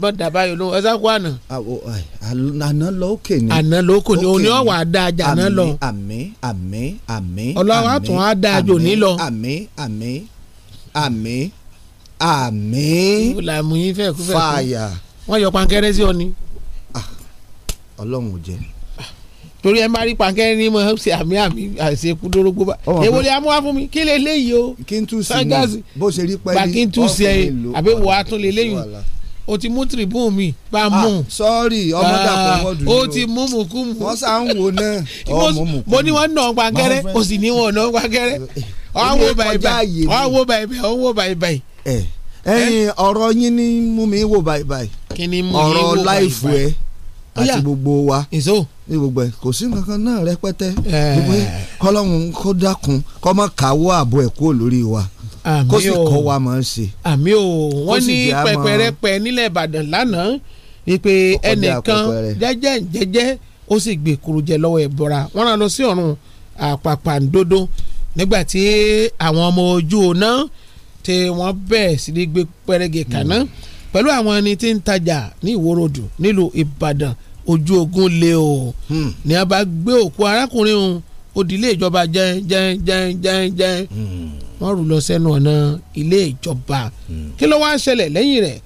bọ́dà báyìí olówó ẹ̀sán kó àná. àná lọ òkè ni. àná lọ òkè ni òní ọ̀wà àdájà àná lọ. àmín àmín àmín. ọlọ́wà tún á dáa jò ní lọ. àmín àmín àmín àmín. làmú yín fẹ́ kú fẹ́ kú. fàyà. wọ́n yọ pankẹ́rẹ́ sí ọ ni. Ah, ọlọ́run ò jẹ́ torí ẹ máa rí pankẹ́rẹ́ ní mo ṣe àmì àmì àṣekú dórógbó bá èwo ni a mú wá fún mi kí lè léyìí o. kí n tún sí mọ bó ṣe rí pẹ́ẹ́lí ọkùnrin lò àbẹ̀wò àtúnlélẹ́yìn o ti mú tribune mi bá ah, mú. sọ́ọ̀rì ọmọ dàpọ̀ mọ́dún ah, yìí o ti mú mùkúmù. wọ́n sá ń wo náà ọmọ mùkúmù. mo ní wọn nà ọgbà gẹ́rẹ́ o sì ní wọn nà ọgbà gẹ́rẹ́ ọwọ́ bàìbàì ọwọ́ bàìbàì ọwọ́ bàìbàì. ẹyin ọ̀rọ̀ yín ni mú mi wò bàìbàì ọ̀rọ̀ láìfù ẹ àti gbogbo wa ní gbogbo ẹ kò sí nǹkan náà rẹpẹtẹ gbogbo kọlọ́hún kó dákun kó má káwọ́ àbọ̀ ẹ̀ kúrò lórí wa kó sì kọ́ wa mọ̀ ọ́n ṣe. àmì o wọ́n ní pẹpẹrẹpẹ nílẹ̀ Ìbàdàn lánàá wípé ẹnìkan jẹ́jẹ́ jẹ́jẹ́ ó sì gbé kurujẹ lọ́wọ́ ẹ̀ bọ́ra wọ́n rán lọ sí ọ̀run àpàpàǹdodo nígbà tí àwọn ọmọ ojú ọ̀nà tí wọ́n bẹ̀ẹ̀ sí ní gbé pẹ́rẹ́gì kaná hmm. pẹ̀lú àwọn ẹni tí ń tajà ní ìwòròdù nílùú Ìbàdàn ojú ogun lé o hmm. ní a bá gbé òkú arákùnrin òun ó di ilé ìjọba jẹ́n jẹ́n jẹ́n jẹ́n jẹ́n hmm. wọ́n rù lọ sẹ́nu ọ̀nà ilé ìjọba hmm. kí ló wá ṣẹlẹ̀ lẹ́yìn rẹ̀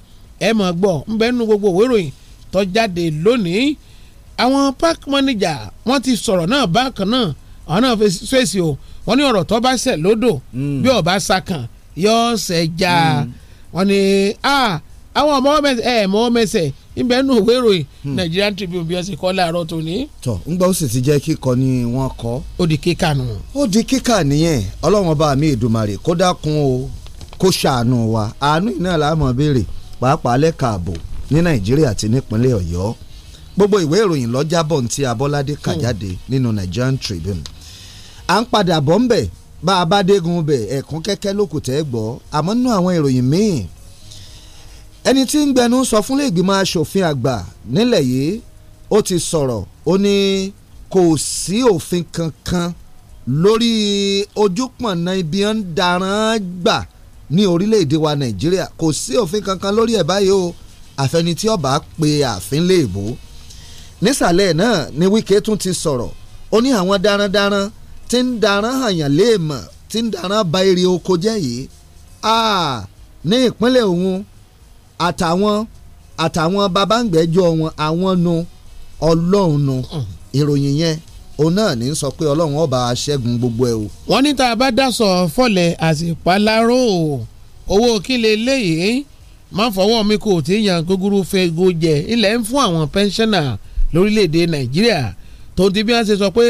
ẹ mọ̀ gbọ́ nbẹ́nu gbogbo òwe ìròyìn tó jáde lónìí àwọn park manager wọ́n ti sọ̀rọ̀ náà bákan náà àwọn náà fèsì o wọ́n ní ọ̀rọ̀ tó bá ṣẹ̀ lódò hmm. bí ọ̀bá sakàn yọ̀ọ́ ṣẹ̀ já wọ́n ní a. Ah, àwọn ọmọ mẹsẹ ẹ mọ mẹsẹ ibẹ nù òwe ìròyìn hmm. Nigerian Tribune bí ọsẹ kọ láàárọ̀ tó ní. tọ ngbà ó sì ti jẹ kíkọ ni wọn kọ. ó di kíkà nù. ó di kíkà nìyẹn ọlọ́run ọba mi ìdùmarè kó dákun o kó ṣàánú wa àánú iná la mọ̀ béèrè pàápàá lẹ́ka ààbò ní nàìjíríà àti nípínlẹ̀ ọ̀yọ́ gbogbo ìwé ìròyìn ló ní ti abọ́ládé kà hmm. jáde nínú Nigerian Tribune à ń padà bọ́ ń bẹ̀ bá a bá dégun bẹ̀ ẹ̀kún kẹ́kẹ́ lókùtẹ́ gbọ́ àmọ́ nínú àwọn ìròyìn míì ẹni tí ń gbẹnu sọ fún iléègbìmọ̀ asòfin àgbà nílẹ̀ yìí ó ti sọ̀rọ̀ ó ní kò sí òfin kankan lórí ojúpọ̀nà ibi ń darán gbà ní orílẹ̀-èdè wa nàìjíríà kò sí òfin kankan lórí ẹ̀ báyìí o àfẹni tí ọba pe àfin léèbó nísàlẹ̀ náà ni Wike tún ti sọ̀rọ̀ ó ní àwọn darandaran tí ń darán àyàn léèmọ̀ tí ń darán ba èrè oko jẹ́ yìí ní ìpínlẹ̀ òun àtàwọn àtàwọn babángbẹ́jọ wọn àwọn nu ọlọ́run nu ìròyìn yẹn òun náà ní sọ pé ọlọ́run ọba aṣẹ́gun gbogbo ẹ̀ o. wọ́n ní tá a bá dàsọ̀ fọlẹ̀ àti ìpaláró owó kílẹ̀ léyìí máa fọwọ́ mi kò tí ì yan gúgúrú fego jẹ ilẹ̀ ń fún àwọn pẹ́ńsánà lórílẹ̀‐èdè nàìjíríà tó ti bí wọ́n ṣe sọ pé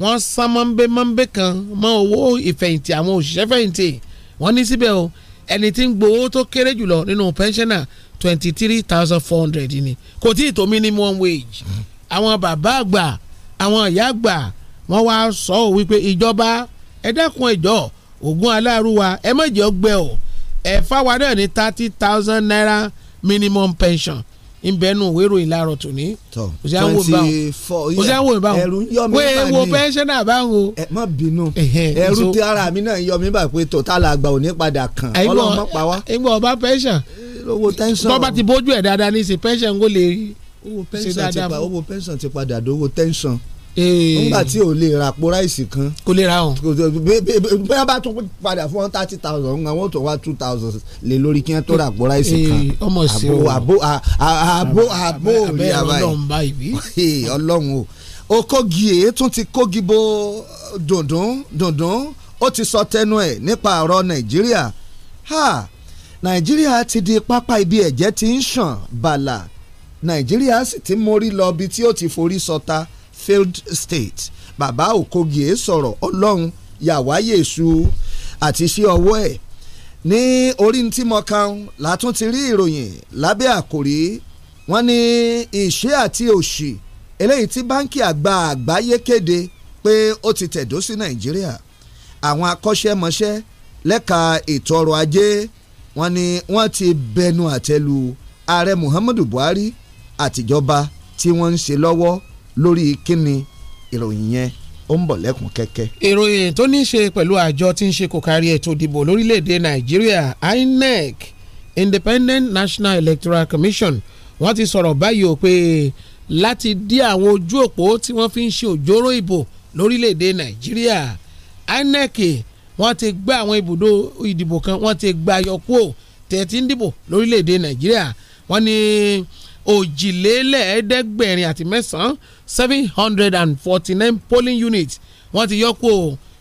wọ́n sán mọ́ńbé mọ́ńbé kan mọ́ owó ìfẹ̀yìntì àwọn òṣìṣẹ́ fẹ̀yìntì wọ́n ní síbẹ̀ o ẹni tí ń gbowó tó kéré jùlọ nínú pẹ́ńsánà twenty three thousand four hundred ni kò tí ì tó minimum wage àwọn bàbá àgbà àwọn ìyá àgbà wọ́n wá sọ ọ́ wípé ìjọba ẹ dákun ẹjọ́ ògùn aláàrú wa ẹ má ọgbẹ́ o ẹ fáwa náà ní thirty thousand naira minimum pension nbẹ́nu òwérò ìlàrọ̀ tòní. twenty four yẹ ẹ̀rù yọ mi bá ní. wo pẹ́ńsẹ́nà bá ń wo. ẹ má bínú ẹ̀rù tí ara mi náà yọ mi bá pé tòótá la gba òní padà kàn ọlọ́mọ pa wá. ìgbà ọba pẹ́ńsàn bọ́ba ti bójú ẹ̀ dáadáa ní í ṣe pẹ́ńsàn kó lè ṣe dáadáa. owó pẹ́ńsàn ti padà dówó tẹ́ńsàn. Eh. nígbà tí o lè ra àpò ráìsì kan. kò lè ra o. bóyá bá tún padà fún one thirty thousand nǹkan wọ́n tún wá two thousand lé lórí kí wọ́n tó ra àpò ráìsì eh, kan. ọmọ sí o àbò àbò àbò òní àbáyé eh, ọlọ́run o okógi èyí e tún ti kógi bo dùndún dùndún ó ti sọ tẹnu ẹ̀ nípa ọ̀rọ̀ nàìjíríà nàìjíríà ti di pápá ibi ẹ̀jẹ̀ ti ń ṣàn bàlà nàìjíríà sì ti mórí lọ bí tí ó ti forí sọta. So failed state bàbá òkogìé sọ̀rọ̀ ọlọ́run yàwá yèṣu àti iṣẹ́ ọwọ́ ẹ̀ ní orí tí mo kàn látún ti rí ìròyìn lábẹ́ àkòrí wọ́n ní ìṣẹ́ àti òṣì eléyìí tí báńkì àgbà àgbáyé kéde pé ó ti tẹ̀dó sí nàìjíríà àwọn akọ́ṣẹ́mọṣẹ́ lẹ́ka ètò ọrọ̀ ajé wọ́n ní wọ́n ti bẹnu àtẹ́lu ààrẹ muhammadu buhari àtìjọba tí wọ́n ń ṣe lọ́wọ́ lórí kíni ìròyìn yẹn ó ń bọ̀ lẹ́kùn kẹ́kẹ́. ìròyìn tó ní í ṣe pẹ̀lú àjọ tí ń ṣe kò kárí ètò ìdìbò lórílẹ̀‐èdè nàìjíríà INEC Independent National Electoral Commission wọ́n ti sọ̀rọ̀ báyìí o pé láti dí àwọn ojú òpó tí wọ́n fi ń ṣe òjòrò ìbò lórílẹ̀‐èdè nàìjíríà INEC wọ́n ti gbá àwọn ibùdó ìdìbò kan wọ́n ti gbá yọkú ò tẹ̀tí ń dìbò lórílẹ̀‐èdè nàìjíríà wọ́n ní òjìlélẹ́ẹ̀ẹ́dẹ́gbẹ̀rin àti mẹ́sàn-án seven hundred and forty nine polling units wọ́n ti yọ kó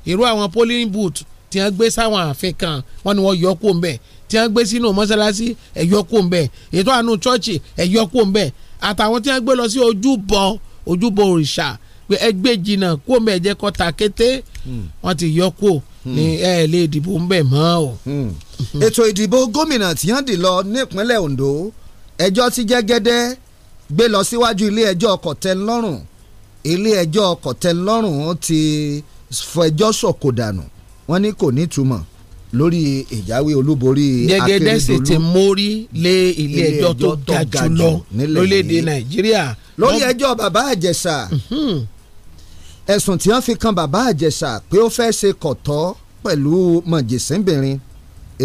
irú àwọn polling booth tí wọ́n gbé sáwọn ààfin kan wọ́n ní wọ́n yọ kó mbẹ́ tí wọ́n gbé sínú mọ́sálásí ẹ̀ yọ kó mbẹ́ ètò àánú chọ́ọ̀chì ẹ̀ yọ kó mbẹ́ àtàwọn tí wọ́n gbé lọ sí ojúbọ ojúbọ òrìṣà pé ẹgbẹ́ jìnnà kó mbẹ́ jẹ́ kọ́ta kété hmm. wọ́n ti yọ kó hmm. ní ẹ lè dìbò mbẹ́ mọ́ o. Hmm. ètò ìdìbò gómìnà tí wọ́n dì lọ nípínlẹ̀ Ondo ẹjọ́ ti jẹ́gẹ́dẹ́ gbé lọ síwájú ilé ẹjọ́ kọ̀tẹ́lọ́rùn ilé ẹjọ́ kọ̀tẹ́lọ́rùn ti fẹjọ́ sọ̀kò dànù wọ́n ní kò ní túmọ̀ lórí ìjáwé olúborí akérèdọ́lù gẹ́gẹ́dẹ́ sì ti mórí lé ilé ẹjọ́ tó ga jùlọ lórílẹ̀‐èdè nàìjíríà. lórí ẹjọ́ bàbá àjẹsà mhm. ẹ̀sùn tí wọ́n fi kan bàbá àjẹsà pé ó fẹ́ ṣe kọ̀tọ́ pẹ̀lú mọ̀jẹ̀sínbìnrin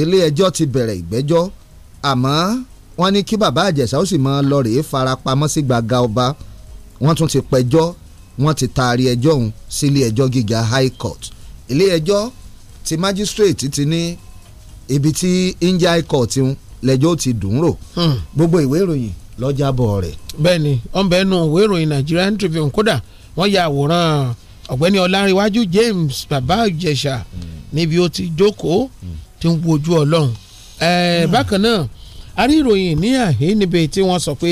ilé ẹjọ́ ti bẹ̀rẹ̀ ìgbẹ́jọ́ àmọ́ wọ́n ní kí bàbá àjẹsà ó sì mọ lọ rèé farapamọ́ sí gbàgà ọba wọ́n tún ti pẹjọ́ wọ́n ti taari ẹjọ́ ọ̀hún sílé ẹjọ́ gíga high court ilé ẹjọ́ ti magistrate ti ní ibi tí india high court ń lẹ́jọ́ ti dùn rò hmm. gbogbo ìwé ìròyìn lọ́jàbọ̀ rẹ̀. bẹ́ẹ̀ni ọmọbẹ nù ìwé ìròyìn Nigerian Tribune kódà wọ́n ya àwòrán ọ̀gbẹ́ni Ọlárìnwájú James bàbá Ìjẹ̀ṣà hmm. níbi ó ti jókòó hmm. ti ń wojú Ọlọ́run bákan náà àrí ìròyìn ní àhín níbi tí wọ́n sọ pé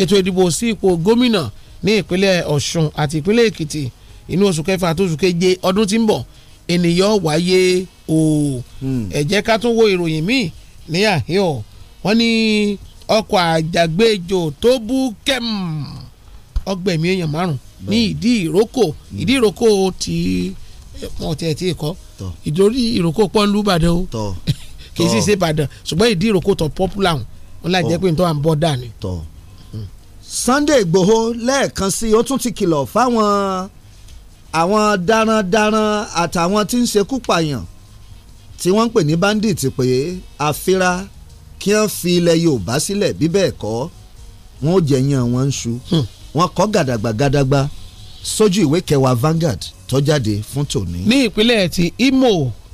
ètò ìdìbò sí ipò gómìnà ní ìpínlẹ̀ Ọ̀ṣun àti ìpínlẹ̀ Èkìtì inú oṣù kẹfà tó oṣù keje ọdún tí ń bọ̀ ènìyàn wáyé o hmm. ẹ jẹ́ ká tún wo ìròyìn míì ní àhín o wọ́n ní ọkọ̀ àjàgbéjò tó bú kẹ́m ọgbẹ̀mí èèyàn márùn ní ìdí ìrókò hmm. ìdí ìrókò tí wọn ò tiẹ̀ tí ì kọ́ ìdórí ìrókò pọ́ńlú bàdé o kì í sì ṣe ìbàdàn ṣùgbọ́n ìdí ìrókò tó popular hùn wọn láì jẹ́ pé nítorí à ń bọ́ dà ni. Sunday Igboho lẹ́ẹ̀kan sí ó tún ti kìlọ̀ fáwọn àwọn darandaran àtàwọn tí ń ṣekú pààyàn tí wọ́n ń pè ní bandit pé àfira kí wọ́n fi ilẹ̀ Yorùbá sílẹ̀ bí bẹ́ẹ̀ kọ́ wọn ò jẹ̀yàn wọn ń ṣu wọn kọ́ gàdàgbà gàdàgbà sójú ìwé kẹwàá Vanguard tó jáde fún tòní. ní ìpínlẹ̀ ti Imo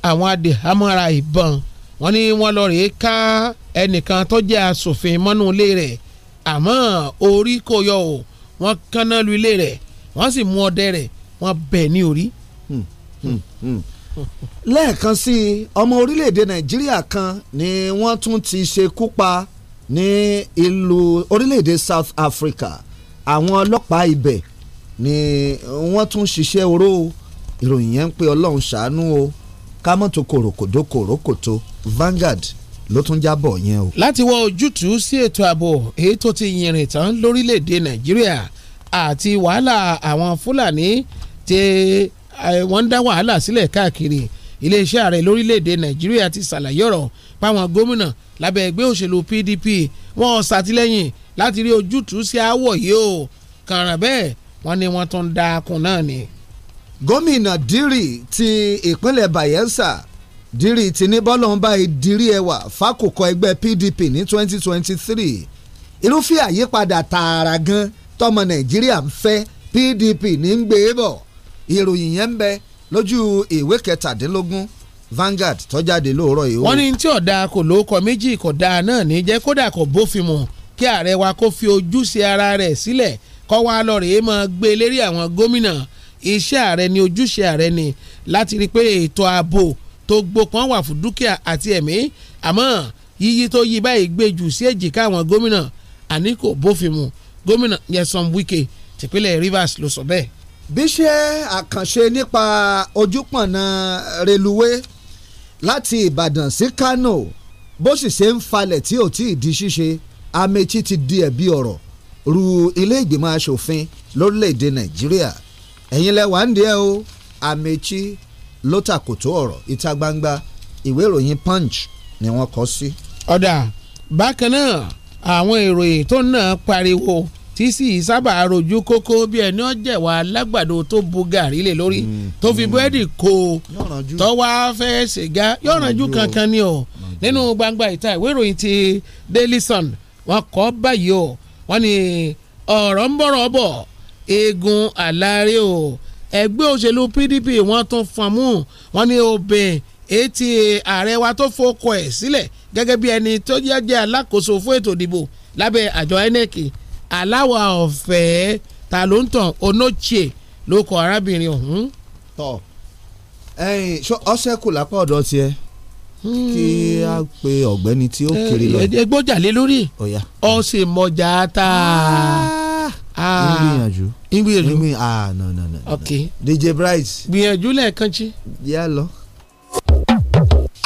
àwọn adìhámọ́ra ìbọn wọ́n ní wọ́n lọ rèé ká ẹnìkan tó jẹ́ asòfin mọ́nú ilé rẹ̀ àmọ́ orí kò yọ o wọ́n kánná lu ilé rẹ̀ wọ́n sì mú ọdẹ rẹ̀ wọ́n bẹ̀ ní orí. Hmm, hmm, hmm. lẹ́ẹ̀kan sí i ọmọ orílẹ̀-èdè nàìjíríà kan ni wọ́n tún ti ṣekú pa ní ìlú orílẹ̀-èdè South Africa àwọn ọlọ́pàá ibẹ̀ ni wọ́n tún ṣiṣẹ́ oró ìròyìn yẹn ń pé ọlọ́run ṣàánú o ká mọ́tò kòròkòdó kòrókòtó. Koro, Vanguard ló tún jábọ̀ yẹn o. láti wá ojútùú sí ètò ààbò èyí tó ti yìnrìn tán lórílẹ̀‐èdè Nàìjíríà àti wàhálà àwọn Fúlàní tí wọ́n ń dá wàhálà sílẹ̀ káàkiri iléeṣẹ́ ààrẹ lórílẹ̀‐èdè Nàìjíríà ti ṣàlàyé ọ̀rọ̀ páwọn gómìnà lábẹ́ ẹgbẹ́ òṣèlú PDP wọ́n ṣàtìlẹ́yìn láti rí ojútùú sí aáwọ̀ yìí o kàràn bẹ́ẹ̀ wọ́n ní wọ́n tún da náà ni. gómìnà Dírì ti ìpínlẹ̀ Bayelsa dírí tìní bọ́lọ́n báyìí dírí ẹwà fákòkọ ẹgbẹ́ PDP ní 2023 irúfẹ́ àyípadà tààrà gan tọmọ Nàìjíríà ń fẹ́ PDP ní ń gbé bọ̀ ìròyìn yẹn ń bẹ lójú ìwé kẹtàdínlógún Vanguard tó jáde lóòrọ̀ yìí. wọ́n ní tí ọ̀dà kò lóókọ méjì kò dáa náà ní jẹ́ kódà kò bófin mu kí ààrẹ wa kó fi ojú ara rẹ̀ sílẹ̀ kọ́ wa lọ rèé mọ́ gbé lérí àwọn gómìnà iṣẹ́ ààrẹ ni ojúṣe ààrẹ ni láti rí i pé ètò ààbò tó gbópọn wà fún dúkìá àti ẹ̀mí àmọ́ yíyí tó yí báyìí gbé jù sí èjìká àwọn gómìnà àní kò gómìnà Nyesom Wike tìpínlẹ̀ Rivers ló sọ bẹ́ẹ̀. bí ṣe àkànṣe nípa ojúpọ̀nà reluwé láti Ìbàdàn sí Kano bó sì ṣe ń falẹ̀ tí ò tí ì di ṣíṣe Amechi ti di ẹ̀bi ọ̀rọ̀ ru ilé ìgbìmọ̀ asòfin lórílẹ̀‐èdè Nàìjíríà ẹ̀yin lẹ́wà ń díẹ̀ o Amechi ló tàkòtò ọ̀rọ̀ ìta gbangba ìwé ìròyìn punch ni wọ́n kọ sí. ọ̀dà bákan náà àwọn ìròyìn tó náà pariwo tí sì sábà rojú kókó bí ẹni ọ̀jẹ̀wà alágbàdo tó bu gàrí lé lórí mm. tó fi búrẹ́dì kó tọ́wọ́ fẹ́ ṣègá yọ̀rànjú kankan ni o nínú gbangba ìta ìwé ìròyìn ti Daily Sun wọ́n kọ báyìí o wọ́n ní ọ̀rọ̀ ń bọ̀rọ̀ bọ̀ eegun àlàáre o ẹgbẹ́ òṣèlú PDP wọ́n tún fọ́n mú wọn ní obìnrin etí ààrẹ wa tó fọkọ ẹ̀ sílẹ̀ gẹ́gẹ́ bí ẹni tó jẹ́ alákòóso fún ètò ìdìbò lábẹ́ àjọ INEC aláwọ̀ ọ̀fẹ́ ta ló ń tàn onochie ló kọ arábìnrin ọ̀hún. tọ ẹyin ọsẹ kù lápá ọ̀dọ̀ tiẹ̀ hmm. kí a pe ọ̀gbẹ́ni tí ó kiri lọ. ẹgbọ́jà lé lórí ọ̀sẹ̀ mọ̀jà tá a. Ah ah ngbìyànjú ngbìyànjú ah no no no ok dj bright gbìyànjú lẹ́ẹ̀kan jí. yà lọ.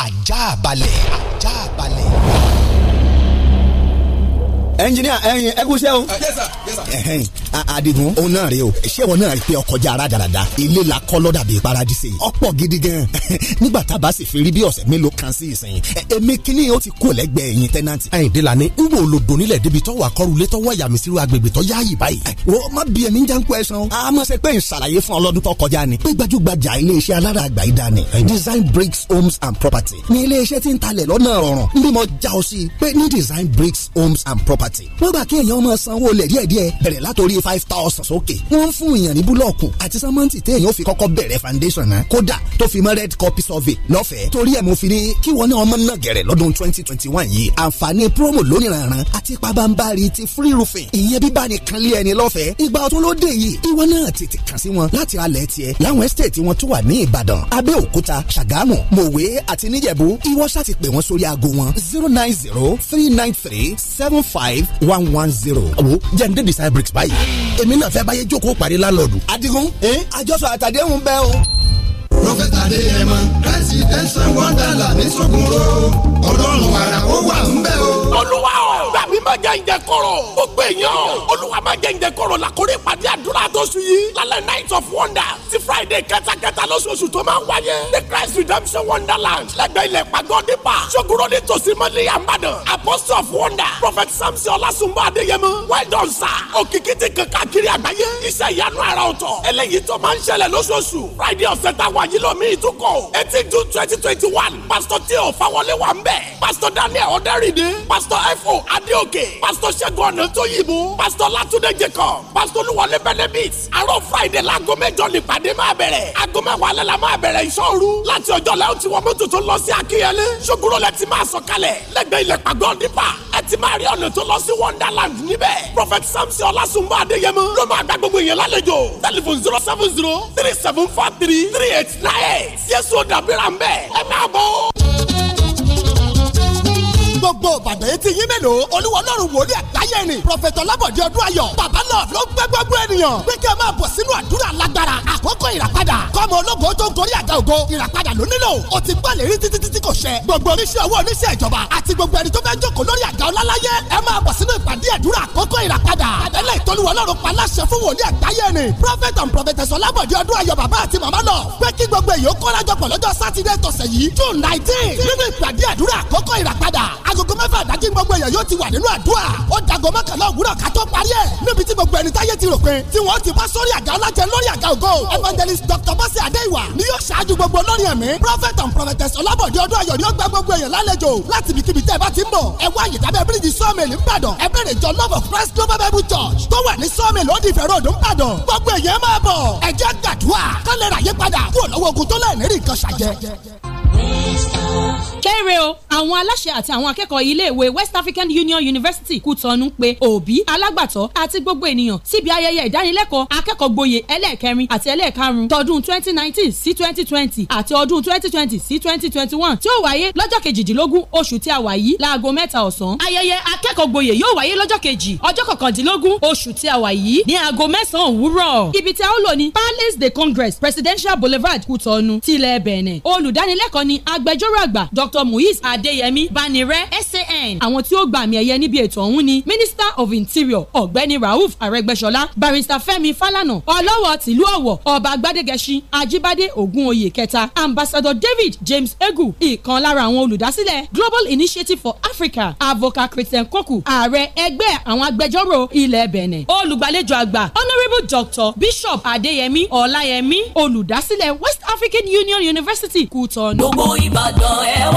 ajá balẹ̀ ajá balẹ̀ ẹnjìníà ẹyin ẹkú sẹ́wọ̀n adigun òun náà rè o ṣé wọn náà rí pé ọkọ̀ já ara dáradá ilé la kọ́ lọ́dà bíi paradise ọ̀pọ̀ gidi gan nígbà tá a bá sì fi rí bí ọ̀sẹ̀ mélòó kan sí ìsìn èmi kíní ó ti kó lẹ́gbẹ̀ẹ́ yín tẹ́nanti. Àyìndé la ní n lo ló dùn nílẹ̀ débi tọ́wọ́ akọ́rùlé tọ́wọ́ àyàmì sírú agbègbè tọ́ yáàyè báyìí. wọ́n ma bí ẹni jẹ́ ń kó ẹ a máa ṣe pé n ṣàlàyé fún ọlọ́dún tó kọjá ni. pé gbajúgbajà iléeṣẹ́ alára àgbà Design Bricks Homes and Property. ní iléeṣẹ́ tí ń talẹ̀ lọ́nà rọrùn ń mo já ọ Design Bricks Homes and Property. wọ́n gbà kí èèyàn máa sanwó lẹ̀ díẹ̀díẹ̀ bẹ̀rẹ̀ five thousand sókè wọ́n ń fún èèyàn ní búlọ̀kù àti sẹ́mọ́ǹtì téèyàn ó fi kọ́kọ́ bẹ̀rẹ̀ foundation náà kódà tó fi mọ́ red copy survey lọ́fẹ̀ẹ́ torí ẹ̀ mo fi ní kí wọ́n ní ọmọ náà gẹ̀rẹ̀ lọ́dún twenty twenty one yìí àǹfààní promo lóníranran àti pabambari ti free roofing ìyẹn bíbá ni kan lé ẹni lọ́fẹ̀ẹ́ ìgbà ọ̀tún ló dé yìí ìwọ náà tètè kàn sí wọn láti alẹ̀ tiẹ̀ láwọn estate wọn tó wà ní Ìbàdàn Abẹ́òkúta Ṣàgámù Mòwe àti Níjẹ̀bú ìwọ ṣáà ti pè wọ́n sórí aago wọn zero nine zero three nine three seven five one one zero àwo jẹ́ ń dé design bricks báyìí èmi náà fẹ́ báyé jókòó parí lálọ́ọ̀dù. adigun àjọsọ àtàdéhùn bẹ́ẹ̀ o. Prọfẹ̀tà Adéyẹmọ, Presidential Wonderland ní Sọ́kúnrò, Ọlọ́run àrà wà ń bẹ̀ o. Olúwa ọ̀ má jẹ́ ǹjẹ́ kọ̀rọ̀. gbogbo èèyàn olúwa má jẹ́ ǹjẹ́ kọ̀rọ̀ làkórè ìpàdé àdúrà tó su yìí. lálẹ́ night of wonder ti friday kẹtàkẹtà lóṣooṣù tó máa ń wáyé. the christ redemption wonderland lẹ́gbẹ̀ẹ́ ilẹ̀ pàgọ́ nípa ṣogoro ní tòsí mọ́lẹ̀ àmàdàn apostle of wonder prophet samson ọlásùnbọ̀ adéyẹmọ well done sir. òkìkí ti kan káàkiri àgbáyé iṣẹ́ ìyanu ara ọ̀tọ̀ eléyìí tó máa ń ṣẹlẹ̀ lóṣooṣù friday ọ̀sẹ̀ tá a yìí lómi ìtúkọ̀ eighteen june twenty twenty one pastor teo fawọlé wa ń bẹ̀ pastor daniel ọ̀dẹ́rìndé pastor fo adéòk òkè pásítọ̀ ṣẹ́gun ọ̀nà tó yìí mú pásítọ̀ látúndé jacob pásítọ̀ olúwọlé benedict àárọ̀ friday láago mẹ́jọ nípàdé máa bẹ̀rẹ̀ aago mẹ́wàá alẹ́ la máa bẹ̀rẹ̀ ìṣọ́ru láti ọjọ́ lẹ́yìn tí wọ́n mú tuntun lọ sí akínyẹlé ṣogúnrò lẹ ti máa sọ kalẹ̀ lẹ́gbẹ̀ẹ́ ilẹ̀ pàgọ́ nípa ẹ ti máa rí ọ̀nà tó lọ sí wonderland níbẹ̀ prophet samson ọlásùnmọ́ adéyẹmọ ló máa gbá gbogbo yẹn lálejò telephone zero seven zero three seven four three three eight nine eight yẹsùn dàbíra ń bẹ̀ ẹ máa bọ̀ gbogbo ìbàdàn etí yín mélòó olúwa ọlọ́run wòlíì àgbáyé ni pọfẹtọ lábọ̀dé ọdún ayọ̀ bàbá náà ló gbẹ gbogbo ènìyàn pé kí ẹ máa bọ̀ sínú àdúrà lágbára àkókò ìràpadà kọ́mọ ológo tó ń gorí àga ògo ìràpadà ló nílò o ti gbọ́ lérí títí títí kò ṣẹ gbogbo oníṣẹ́ owó oníṣẹ́ ìjọba àti gbogbo ẹni tó fẹ́ jókòó lórí àga ọlálàyé ẹ máa bọ̀ sínú ìpàdé àdúrà àkókò ìràpadà àdálẹ̀ ìtọ́lúwọ̀ ọlọ́run paláṣẹ fún wòlíì àgbáyé ni prophet and prophet ọlábọ̀dé ọdún ayọ̀ bàbá àti màmá lọ pé kí gbogbo èyí ó kọ́lájọpọ̀ lọ́jọ́ sátidé tọ̀sẹ̀ yìí june nineteen nínú ìpàdé àdúrà àkókò ìràpadà lágogo mẹ́fà dájí gbogbo èèyàn yóò ti wà nínú àdúrà ó dago mọ́kànlá òwúrọ̀ ká tó parí ẹ̀ níbi tí gbogbo ẹni táyé ti rò pé tí wọ́n ti bá sórí àga ọlájẹ lórí àga ògo evangelist dr bọ́sẹ̀ adéìwà ni yóò ṣáájú gbogbo lórin ẹ̀mí prophet and prophetess ọlábọ̀dé ọdún ayọ̀ ni ó gba gbogbo èèyàn lálejò láti ibikíbi tẹ́ ẹ bá ti ń bọ̀ ẹ wá àyíkábẹ́ bíríjì sọ́ọ̀mẹ̀lì ńbàdàn ẹ bẹ̀rẹ̀ jọ love of christ global kéré o àwọn aláṣẹ àti àwọn akẹ́kọ̀ọ́ iléèwé West African Union University Kútọ́nù pé òbí alágbàtọ́ àti gbogbo ènìyàn síbi ayẹyẹ ìdánilẹ́kọ̀ọ́ akẹ́kọ̀ọ́ gboyè ẹlẹ́ẹ̀kẹrin àti ẹlẹ́ẹ̀karùn tọdún twenty nineteen sí twenty twenty àti ọdún twenty twenty sí 2021 twenty one tí ó wáyé lọ́jọ́ kejìdínlógún oṣù tí a wà yìí láago mẹ́ta ọ̀sán ayẹyẹ akẹ́kọ̀ọ́ gboyè yóò wáyé lọ́jọ́ kejì ọjọ́ kọkàndínlógún oṣù tí a wà yìí ní aago mẹ́sàn-án òwúrọ̀ ibi tí a ó lò ní Palace de Congress Presidential Boulevard Kútọ́nù tilẹ̀ Benin olùdánilẹ́kọ̀ọ́ ni agbẹjọ́rò àgbà dr Dr. Muiz Adeyemi Banire SAN àwọn tí ó gba àmì ẹ̀yẹ níbi ètò ọ̀hún ni Minister of Interior ọ̀gbẹ́ni Rauf Aregbesola, Barrister Fẹ́mi Falana ọlọ́wọ̀ tìlú Ọ̀wọ̀ ọba Gbádégẹṣin Ajíbádé Ògúnoyè kẹta Ambassador David James Egu ìkan lára àwọn olùdásílẹ̀ Global Initiative for Africa Avoka Christian Koku ààrẹ ẹgbẹ́ àwọn agbẹjọ́rò ilẹ̀ Benin olùgbàlejò àgbà Honourable Dr. Bishop Adeyemi Ọláyẹmí olùdásílẹ̀ West African Union University Kútọ́nù. gbogbo Ìbàdàn ẹ wá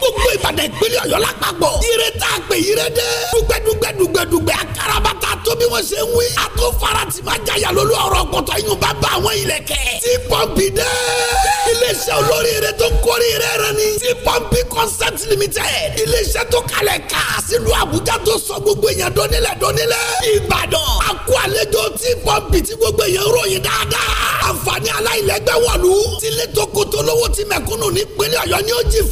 gbogbo ìbàdàn ìpínlẹ̀ ọ̀yọ́ lápapọ̀ ire tá a pè ire dé dùgbẹ́ dùgbẹ́ dùgbẹ́ dùgbẹ́ akarabata tó bí wọ́n ṣe ń wí a tó farati ma jaya lólu ọ̀rọ̀ gbọ̀tọ̀ yín bá bá àwọn ilẹ̀ kẹ́ tí pọ́ǹpì dẹ́ iléeṣẹ́ olórí ire tó ń kórè ire rẹ ni tí pọ́ǹpì concept limited iléeṣẹ́ tó kalẹ̀ ká sílùú àbújá tó sọ gbogbo èèyàn dọ́nílẹ̀ dọ́nílẹ̀ ìbàdàn a kó àlejò tí pọ́ǹpì tí gbogbo èèyàn ròyìn dáadáa àǹfààní aláìlẹ́gbẹ́ wọ̀lú tílé tó kótó lówó tí mẹ̀kúnnù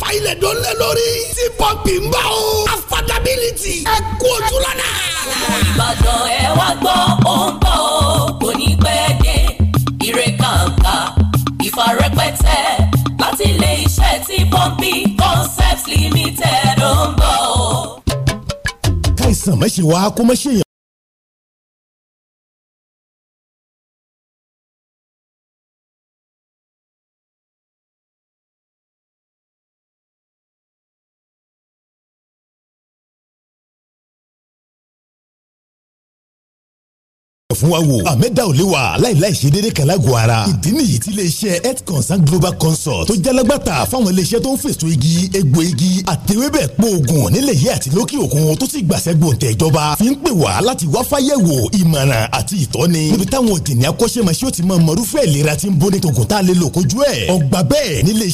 fa ilẹ̀ dọ́nílẹ̀ lórí tí pọ́ǹpì ń bọ̀ o. affordability ẹ kú ojú lọ́nà. Ìbàdàn ẹ wá gbọ́ ó ń bọ̀ ó kò ní pẹ́ dé ire kàǹkà ìfarẹ́pẹ́tẹ́ láti ilé iṣẹ́ tí pọ́ǹpì concepts limited ó ń bọ̀ ó. káìsàn má wá kó má ṣe fún wa wo àmẹ́dá ò lè wa láìláì ṣe déédéé kan lágọ̀ọ́ ìdí nìyí tí iléeṣẹ́ health consult global consult tó jalagbàtà fáwọn iléeṣẹ́ tó ń fèsò igi egbò igi àtẹwébẹ̀ pòògùn nílẹ̀ yìí àti lókè òkun tó sì gbàṣẹ́ gbòǹtẹ̀ ìjọba fi ń pè wá láti wá fáyẹ̀wò ìmọ̀ràn àti ìtọ́ni níbi táwọn òtẹ̀ní akọ́ṣẹ́mọṣẹ́ ò ti mọ mọ̀rúfẹ́ ìlera tí ń bóni tògùn tá a lè lò kojú ẹ̀ ọgbà bẹ́ẹ̀ nílé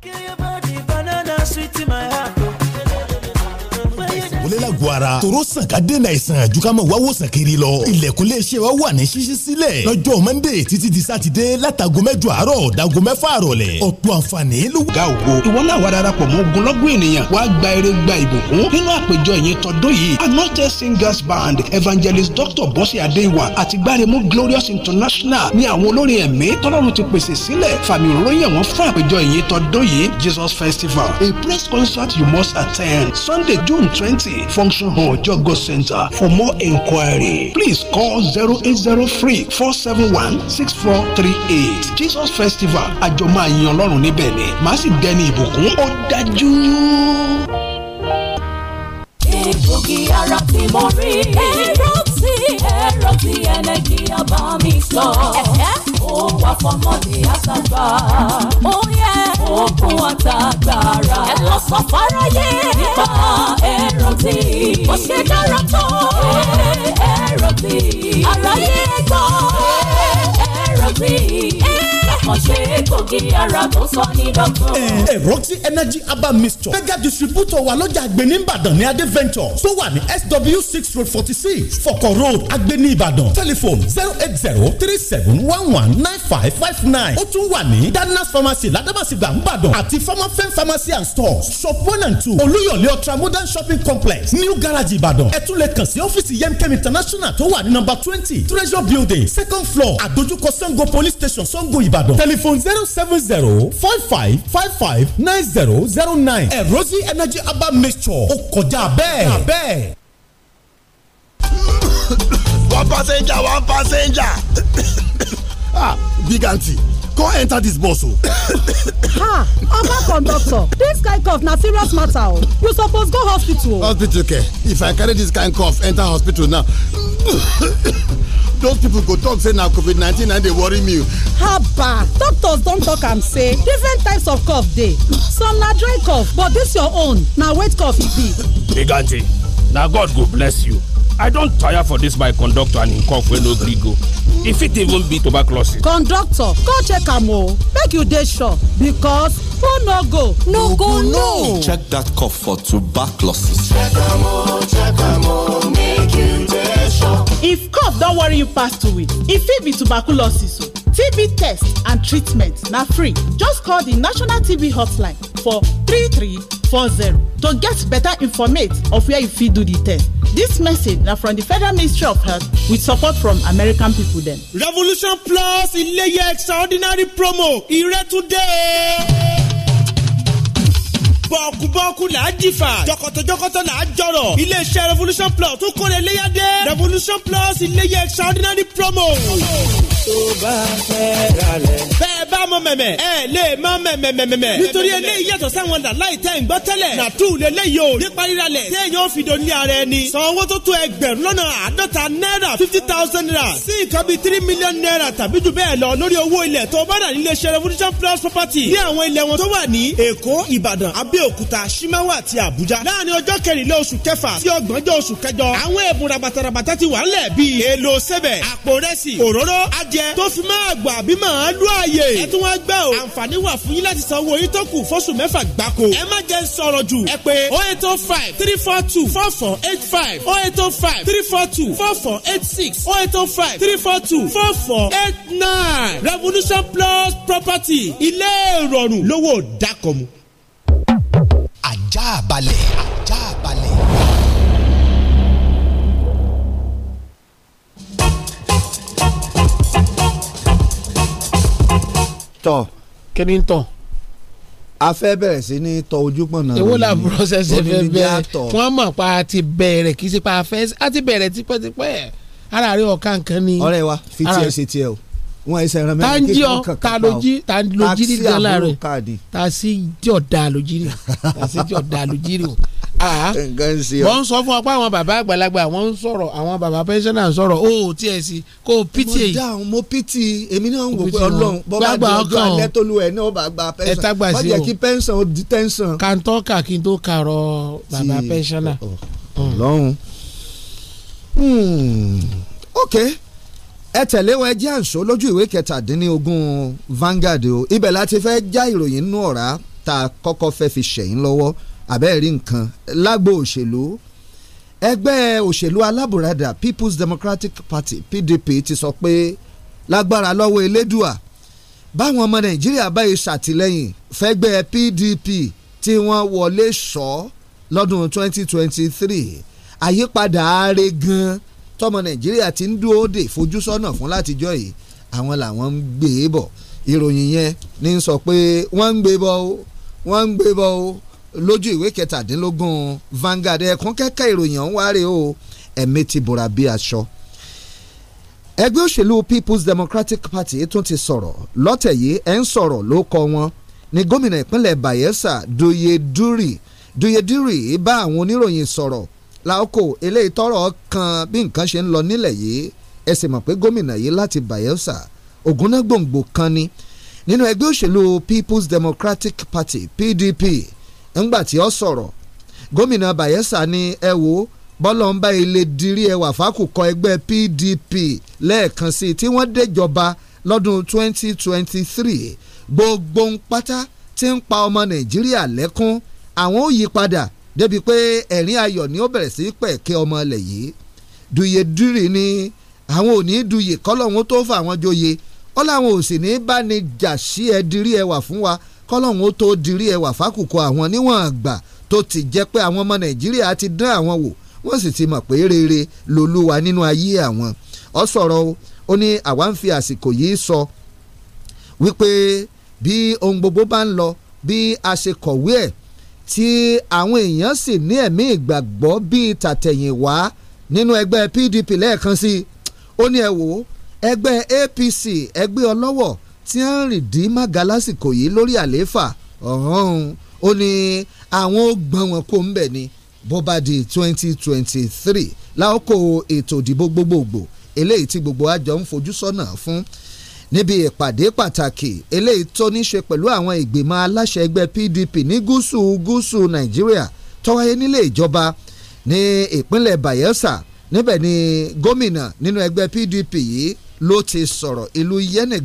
Give your body banana sweet in my àgọ́ ara tòró sàn ká dènà àìsàn àjùkámọ̀ wá wòsàn kiri lọ ilẹ̀kùn iléeṣẹ́ wa wà ní ṣíṣí sílẹ̀ lọ́jọ́ monday títí di sátidé látago mẹ́jọ àárọ̀ dago mẹ́fà àrọ̀lẹ̀ ọ̀pọ̀ àǹfààní ló. ga ògo ìwọ náà wà darapọ̀ mọ́ ogunlọ́gọ̀ ènìyàn wàá gba eré gba ìbùkún nínú àpèjọ ìyẹn tọdún yìí anointed singers band evangelist dr bọ́sì adéwà àti gbáremú glorious international ni àwọn olórin ẹ̀mí tọ́lọ́run ti pèsè sílẹ̀ fàmì ìròyìn wọn fún àpèjọ ìyẹn tọdún yìí jesus festival a press concert you must attend sunday june twenty from junction hall jogo center for more inquiry please call zero eight zero three four seven one six four three eight jesus festival àjọmọ́ àyàn lọ́rùn níbẹ̀ ni màá sì dẹni ìbùkún ó dájú. egbògi ara tí mo rí ẹ̀rọ tí ẹ̀rọ tí sọ ó wà fọmọdé àtàgbà ogun àtàgbàrà. ẹ lọ sọ fáráyé nípa ẹ̀rọ tí ó ṣe dára tó. ẹ̀rọ tí aráyé gbọ́ ẹ̀rọ tí àkànṣe egbògi ara eh, eh, energy herbal mixture mega distributor wa lọ́jà àgbẹ̀ní Ìbàdàn ní Adé venture tó wà ní SW six road forty six Fọkọ̀ road àgbẹ̀ní Ìbàdàn telephone zero eight zero three seven one one nine five five nine ó tún wà ní Danas pharmacy Ládàmàsígbà Ìbàdàn àti Pharmafen pharmacy and stores shop one and two Olúyọ̀lé Ultra modern shopping complex New Garage Ìbàdàn ẹ tún lè kàn sí ọ́fíìsì Yemkem International tó wà ní number twenty Treasure building second floor àdójúkọ Sango police station Sango Ìbàdàn ìbàdàn tẹlifon zero seven zero five five five five nine zero zero nine erosi energy herbal mixture ó kọjá bẹ́ẹ̀. bẹ́ẹ̀. one passenger one passenger ah big aunty come enter this bus o ah oga conductor dis kain cough na serious matter o you suppose go hospital hospital care if i carry dis kain cough enter hospital now those people go talk say na covid nineteen na dey worry me. haba doctors don talk am say different types of cough dey some na dry cough but this your own na wet cough e be. big aunty na god go bless you i don tire for this my conductor and him cough wey no gree go e fit even be tuberculosis conductor go check am o make you dey sure because who no go no go no check that cough for tuberculosis check am o check am o pressure. if cough don worry you pass two weeks. e fit be tuberculosis o tb test and treatment na free just call the national tb hotline for 3340 to get better informate of where you fit do di test dis message na from the federal ministry of health with support from american people. dem revolution plus ileye extraordinary promo ire today bọ́ọ̀kú-bọ́ọ̀kú là á jìfà jọkọ̀tọ̀jọkọ̀tọ̀ là á jọ̀rọ̀ iléeṣẹ́ revolution plus tún kọ́ni ẹlẹ́yà dé revolution plus iléyà extraordinary promo. tó bá fẹ́ ra lẹ̀. bẹ́ẹ̀ bá mọ mẹ̀mẹ̀ ẹ lè má mẹ̀mẹ̀mẹ̀mẹ̀. nítorí eléyìí yàtọ̀ sáwọn làláì tẹ́ ń gbọ́ tẹ́lẹ̀ nàtú lélẹ́yìí o nípa ríra lẹ̀ téèyàn fi do ní ara ẹni. san owó tó tó ẹgbẹ̀rún lọ́nà àádọ́ta náírà fifty thousand naira sí nǹkan bíi three million naira tàbí jù bẹ́ẹ̀ lọ lórí owó ilẹ̀ tó bá rà nílé iṣẹ́ revolution plus property ní àwọn ilẹ̀ wọn tó wà ní èkó ìbàdàn abẹ́òkúta simawa àti àbújá láàrin ọjọ́ kẹrìnlẹ́ oṣù kẹfà sí ọgbọ̀njọ́ oṣù kẹjọ àwọn ẹ̀bùn rabatarabata ti wà ńlẹ̀ bíi èlò sẹ́bẹ̀ àpò rẹ́sì òróró ajẹ tó fi máa gbà bí màá lú àyè ẹ tún wá gbẹ o àǹfààní wà fún yín láti san owó yín tó kù fóṣù mẹ́fà gbáko ẹ má jẹ́ sọ̀rọ̀ jù ẹ pé oh eight oh five three four two four four eight five oh eight oh five three four two four four eight six oh eight oh five three four two four four eight nine revolution plus property ilé ìrọ̀rùn lówó dákọ̀mu. ajá balẹ̀. tọ. kí ni tọ. a fẹ́ bẹ̀rẹ̀ sí ní tọ ojúpọ̀ náà. èwo la process fẹ́ bẹ́ẹ̀ wọ́n mọ̀ pa a ti bẹ̀rẹ̀ kì í ṣe pa a fẹ́ a ti bẹ̀rẹ̀ tipẹ́tipẹ́ ara rẹ̀ ọ̀ka nǹkan ni. ọ̀rẹ́ wa fi tiẹ̀ ṣe tiẹ̀ o wọn ẹsẹ̀ rẹ mẹ́rin kí wọ́n kàn ká o ta ló jí ní gánlá rẹ̀ ta sí jọ̀dá ló jí ní ta sí jọ̀dá ló jí ní o. Ah, wọ́n ń sọ fún ọ àwọn bàbá àgbàlagbà wọ́n ń sọ̀rọ̀ àwọn bàbá pẹ́ńsánà ń sọ̀rọ̀ ó oh, tiẹ̀ sí kó o pìtì èyí. mo dáhùn mo pìtì èmi náà ń wò pé ọlọ́run bọ́lá di ọjọ́ alẹ́ tó lu ẹ̀ ní ọba gba pẹ́ńsán má jẹ́ kí pẹ́ńsán ó di tẹ́ńsán. kà ń tọ́ka kí n tó kàrọ̀ bàbá pẹ́ńsánà. Oh, hmm. ọlọ́run hmm. ok ẹ tẹ̀lé wọn ẹ jẹ́ àǹsó lójú ìwé kẹtàdínlógún Vanguard o ibẹ̀ láti fẹ́ já ìròyìn nínú ọ̀rá tá a kọ́kọ́ fẹ́ fi ṣẹ̀yìn lọ́wọ́ àbẹ́ẹ̀rí nǹkan lágbo òṣèlú ẹgbẹ́ òṣèlú alábùradà People's Democratic Party PDP ti sọ pé lágbára lọ́wọ́ elédùà báwọn ọmọ Nàìjíríà báyìí ṣàtìlẹ́yìn fẹ́gbẹ́ PDP tí wọ́n wọlé sọ lọ́dún 2023 àyípadà ààrẹ gan-an tọmọ nàìjíríà ti ń dúró dè fojúsọ́nà fún látijọ́ yìí àwọn làwọn ń gbé e bọ̀ ìròyìn yẹn ní sọ pé wọ́n ń gbé bọ̀ o wọ́n ń gbé bọ̀ o lójú ìwé kẹtàdínlógún Vanguard ẹ̀kún kẹ́kẹ́ ìròyìn ọ̀hún wáre o ẹ̀mí ti bora bí aṣọ. ẹgbẹ́ òṣèlú People's Democratic Party tún ti sọ̀rọ̀ lọ́tẹ̀ yìí ẹ̀ ń sọ̀rọ̀ ló kọ wọn ní gómìnà ìpínlẹ̀ Bayelsa Doyeduri Doyeduri bá àwọn oníròyìn sọ̀rọ̀ láòkò eléyìí tọ́rọ̀ kan bí nǹkan ṣe ń lọ nílẹ̀ yìí ẹ sì mọ̀ pé gómìnà yìí láti Bayelsa ògúnnágbòǹgbò kan ni nínú ẹgbẹ́ òṣèlú People's Democratic Party PDP ńgbà tí ó sọ̀rọ̀ gómìnà Bayelsa ni ẹ wo bọ́lọ̀ ń bá ilé dirí ẹwà fákùkọ ẹgbẹ́ PDP lẹ́ẹ̀kan sí i tí wọ́n déjọba lọ́dún 2023 gbogbo ń pátá tí ń pa ọmọ Nàìjíríà lẹ́kún àwọn ò yí padà débi pé ẹ̀rín ayọ̀ ni ó bẹ̀rẹ̀ sí pẹ̀kẹ́ ọmọ ilẹ̀ yìí dùyè dúrì ni àwọn ò ní dùyè kọ́lọ́hún tó fà wọ́n joyè ó láwọn ò sì ní bá ní jà sí ẹ dirí ẹwà fún wa kọ́lọ́hún ó tó dirí ẹwà fákùkọ àwọn níwọ̀n àgbà tó ti jẹ́ pé àwọn ọmọ nàìjíríà ti dán àwọn wò wọ́n sì ti mọ̀ pé rere lolúwa nínú ayé àwọn ọ sọ̀rọ̀ ó ní àwa ń fi àsìkò yìí sọ wípé bí ohun gbogbo bá ń lọ bí a ṣe kọ̀wé ẹ̀ tí àwọn èèyàn sì ní ẹ̀mí ìgbàgbọ́ bíi tàtẹ̀yìnwá nínú ẹgbẹ́ PDP lẹ́ẹ̀kan sí ó ní ẹ wò ó ẹgbẹ́ APC ẹgbẹ́ ọlọ́wọ̀ tí ń rìn dí mága lásìkò yìí lórí àlééfà ọ̀hún ó ní àwọn ó gbọ́n wọn kó ń bẹ̀ ni bó di twenty twenty three láòkó ètò ìdìbò gbogbogbò eléyìí tí gbogbo àjọ ń fojú sọ́nà fún níbi ìpàdé pàtàkì eléyìí tó ní ṣe pẹ̀lú àwọn ìgbìmọ̀ aláṣẹ ẹgbẹ́ PDP ní gúúsù gúúsù Nàìjíríà tó wáyé nílé ìjọba ní ìpínlẹ̀ Bayelsa níbẹ̀ ni gómìnà nínú ẹgbẹ́ PDP yìí ló ti sọ̀rọ̀ ìlú Yenik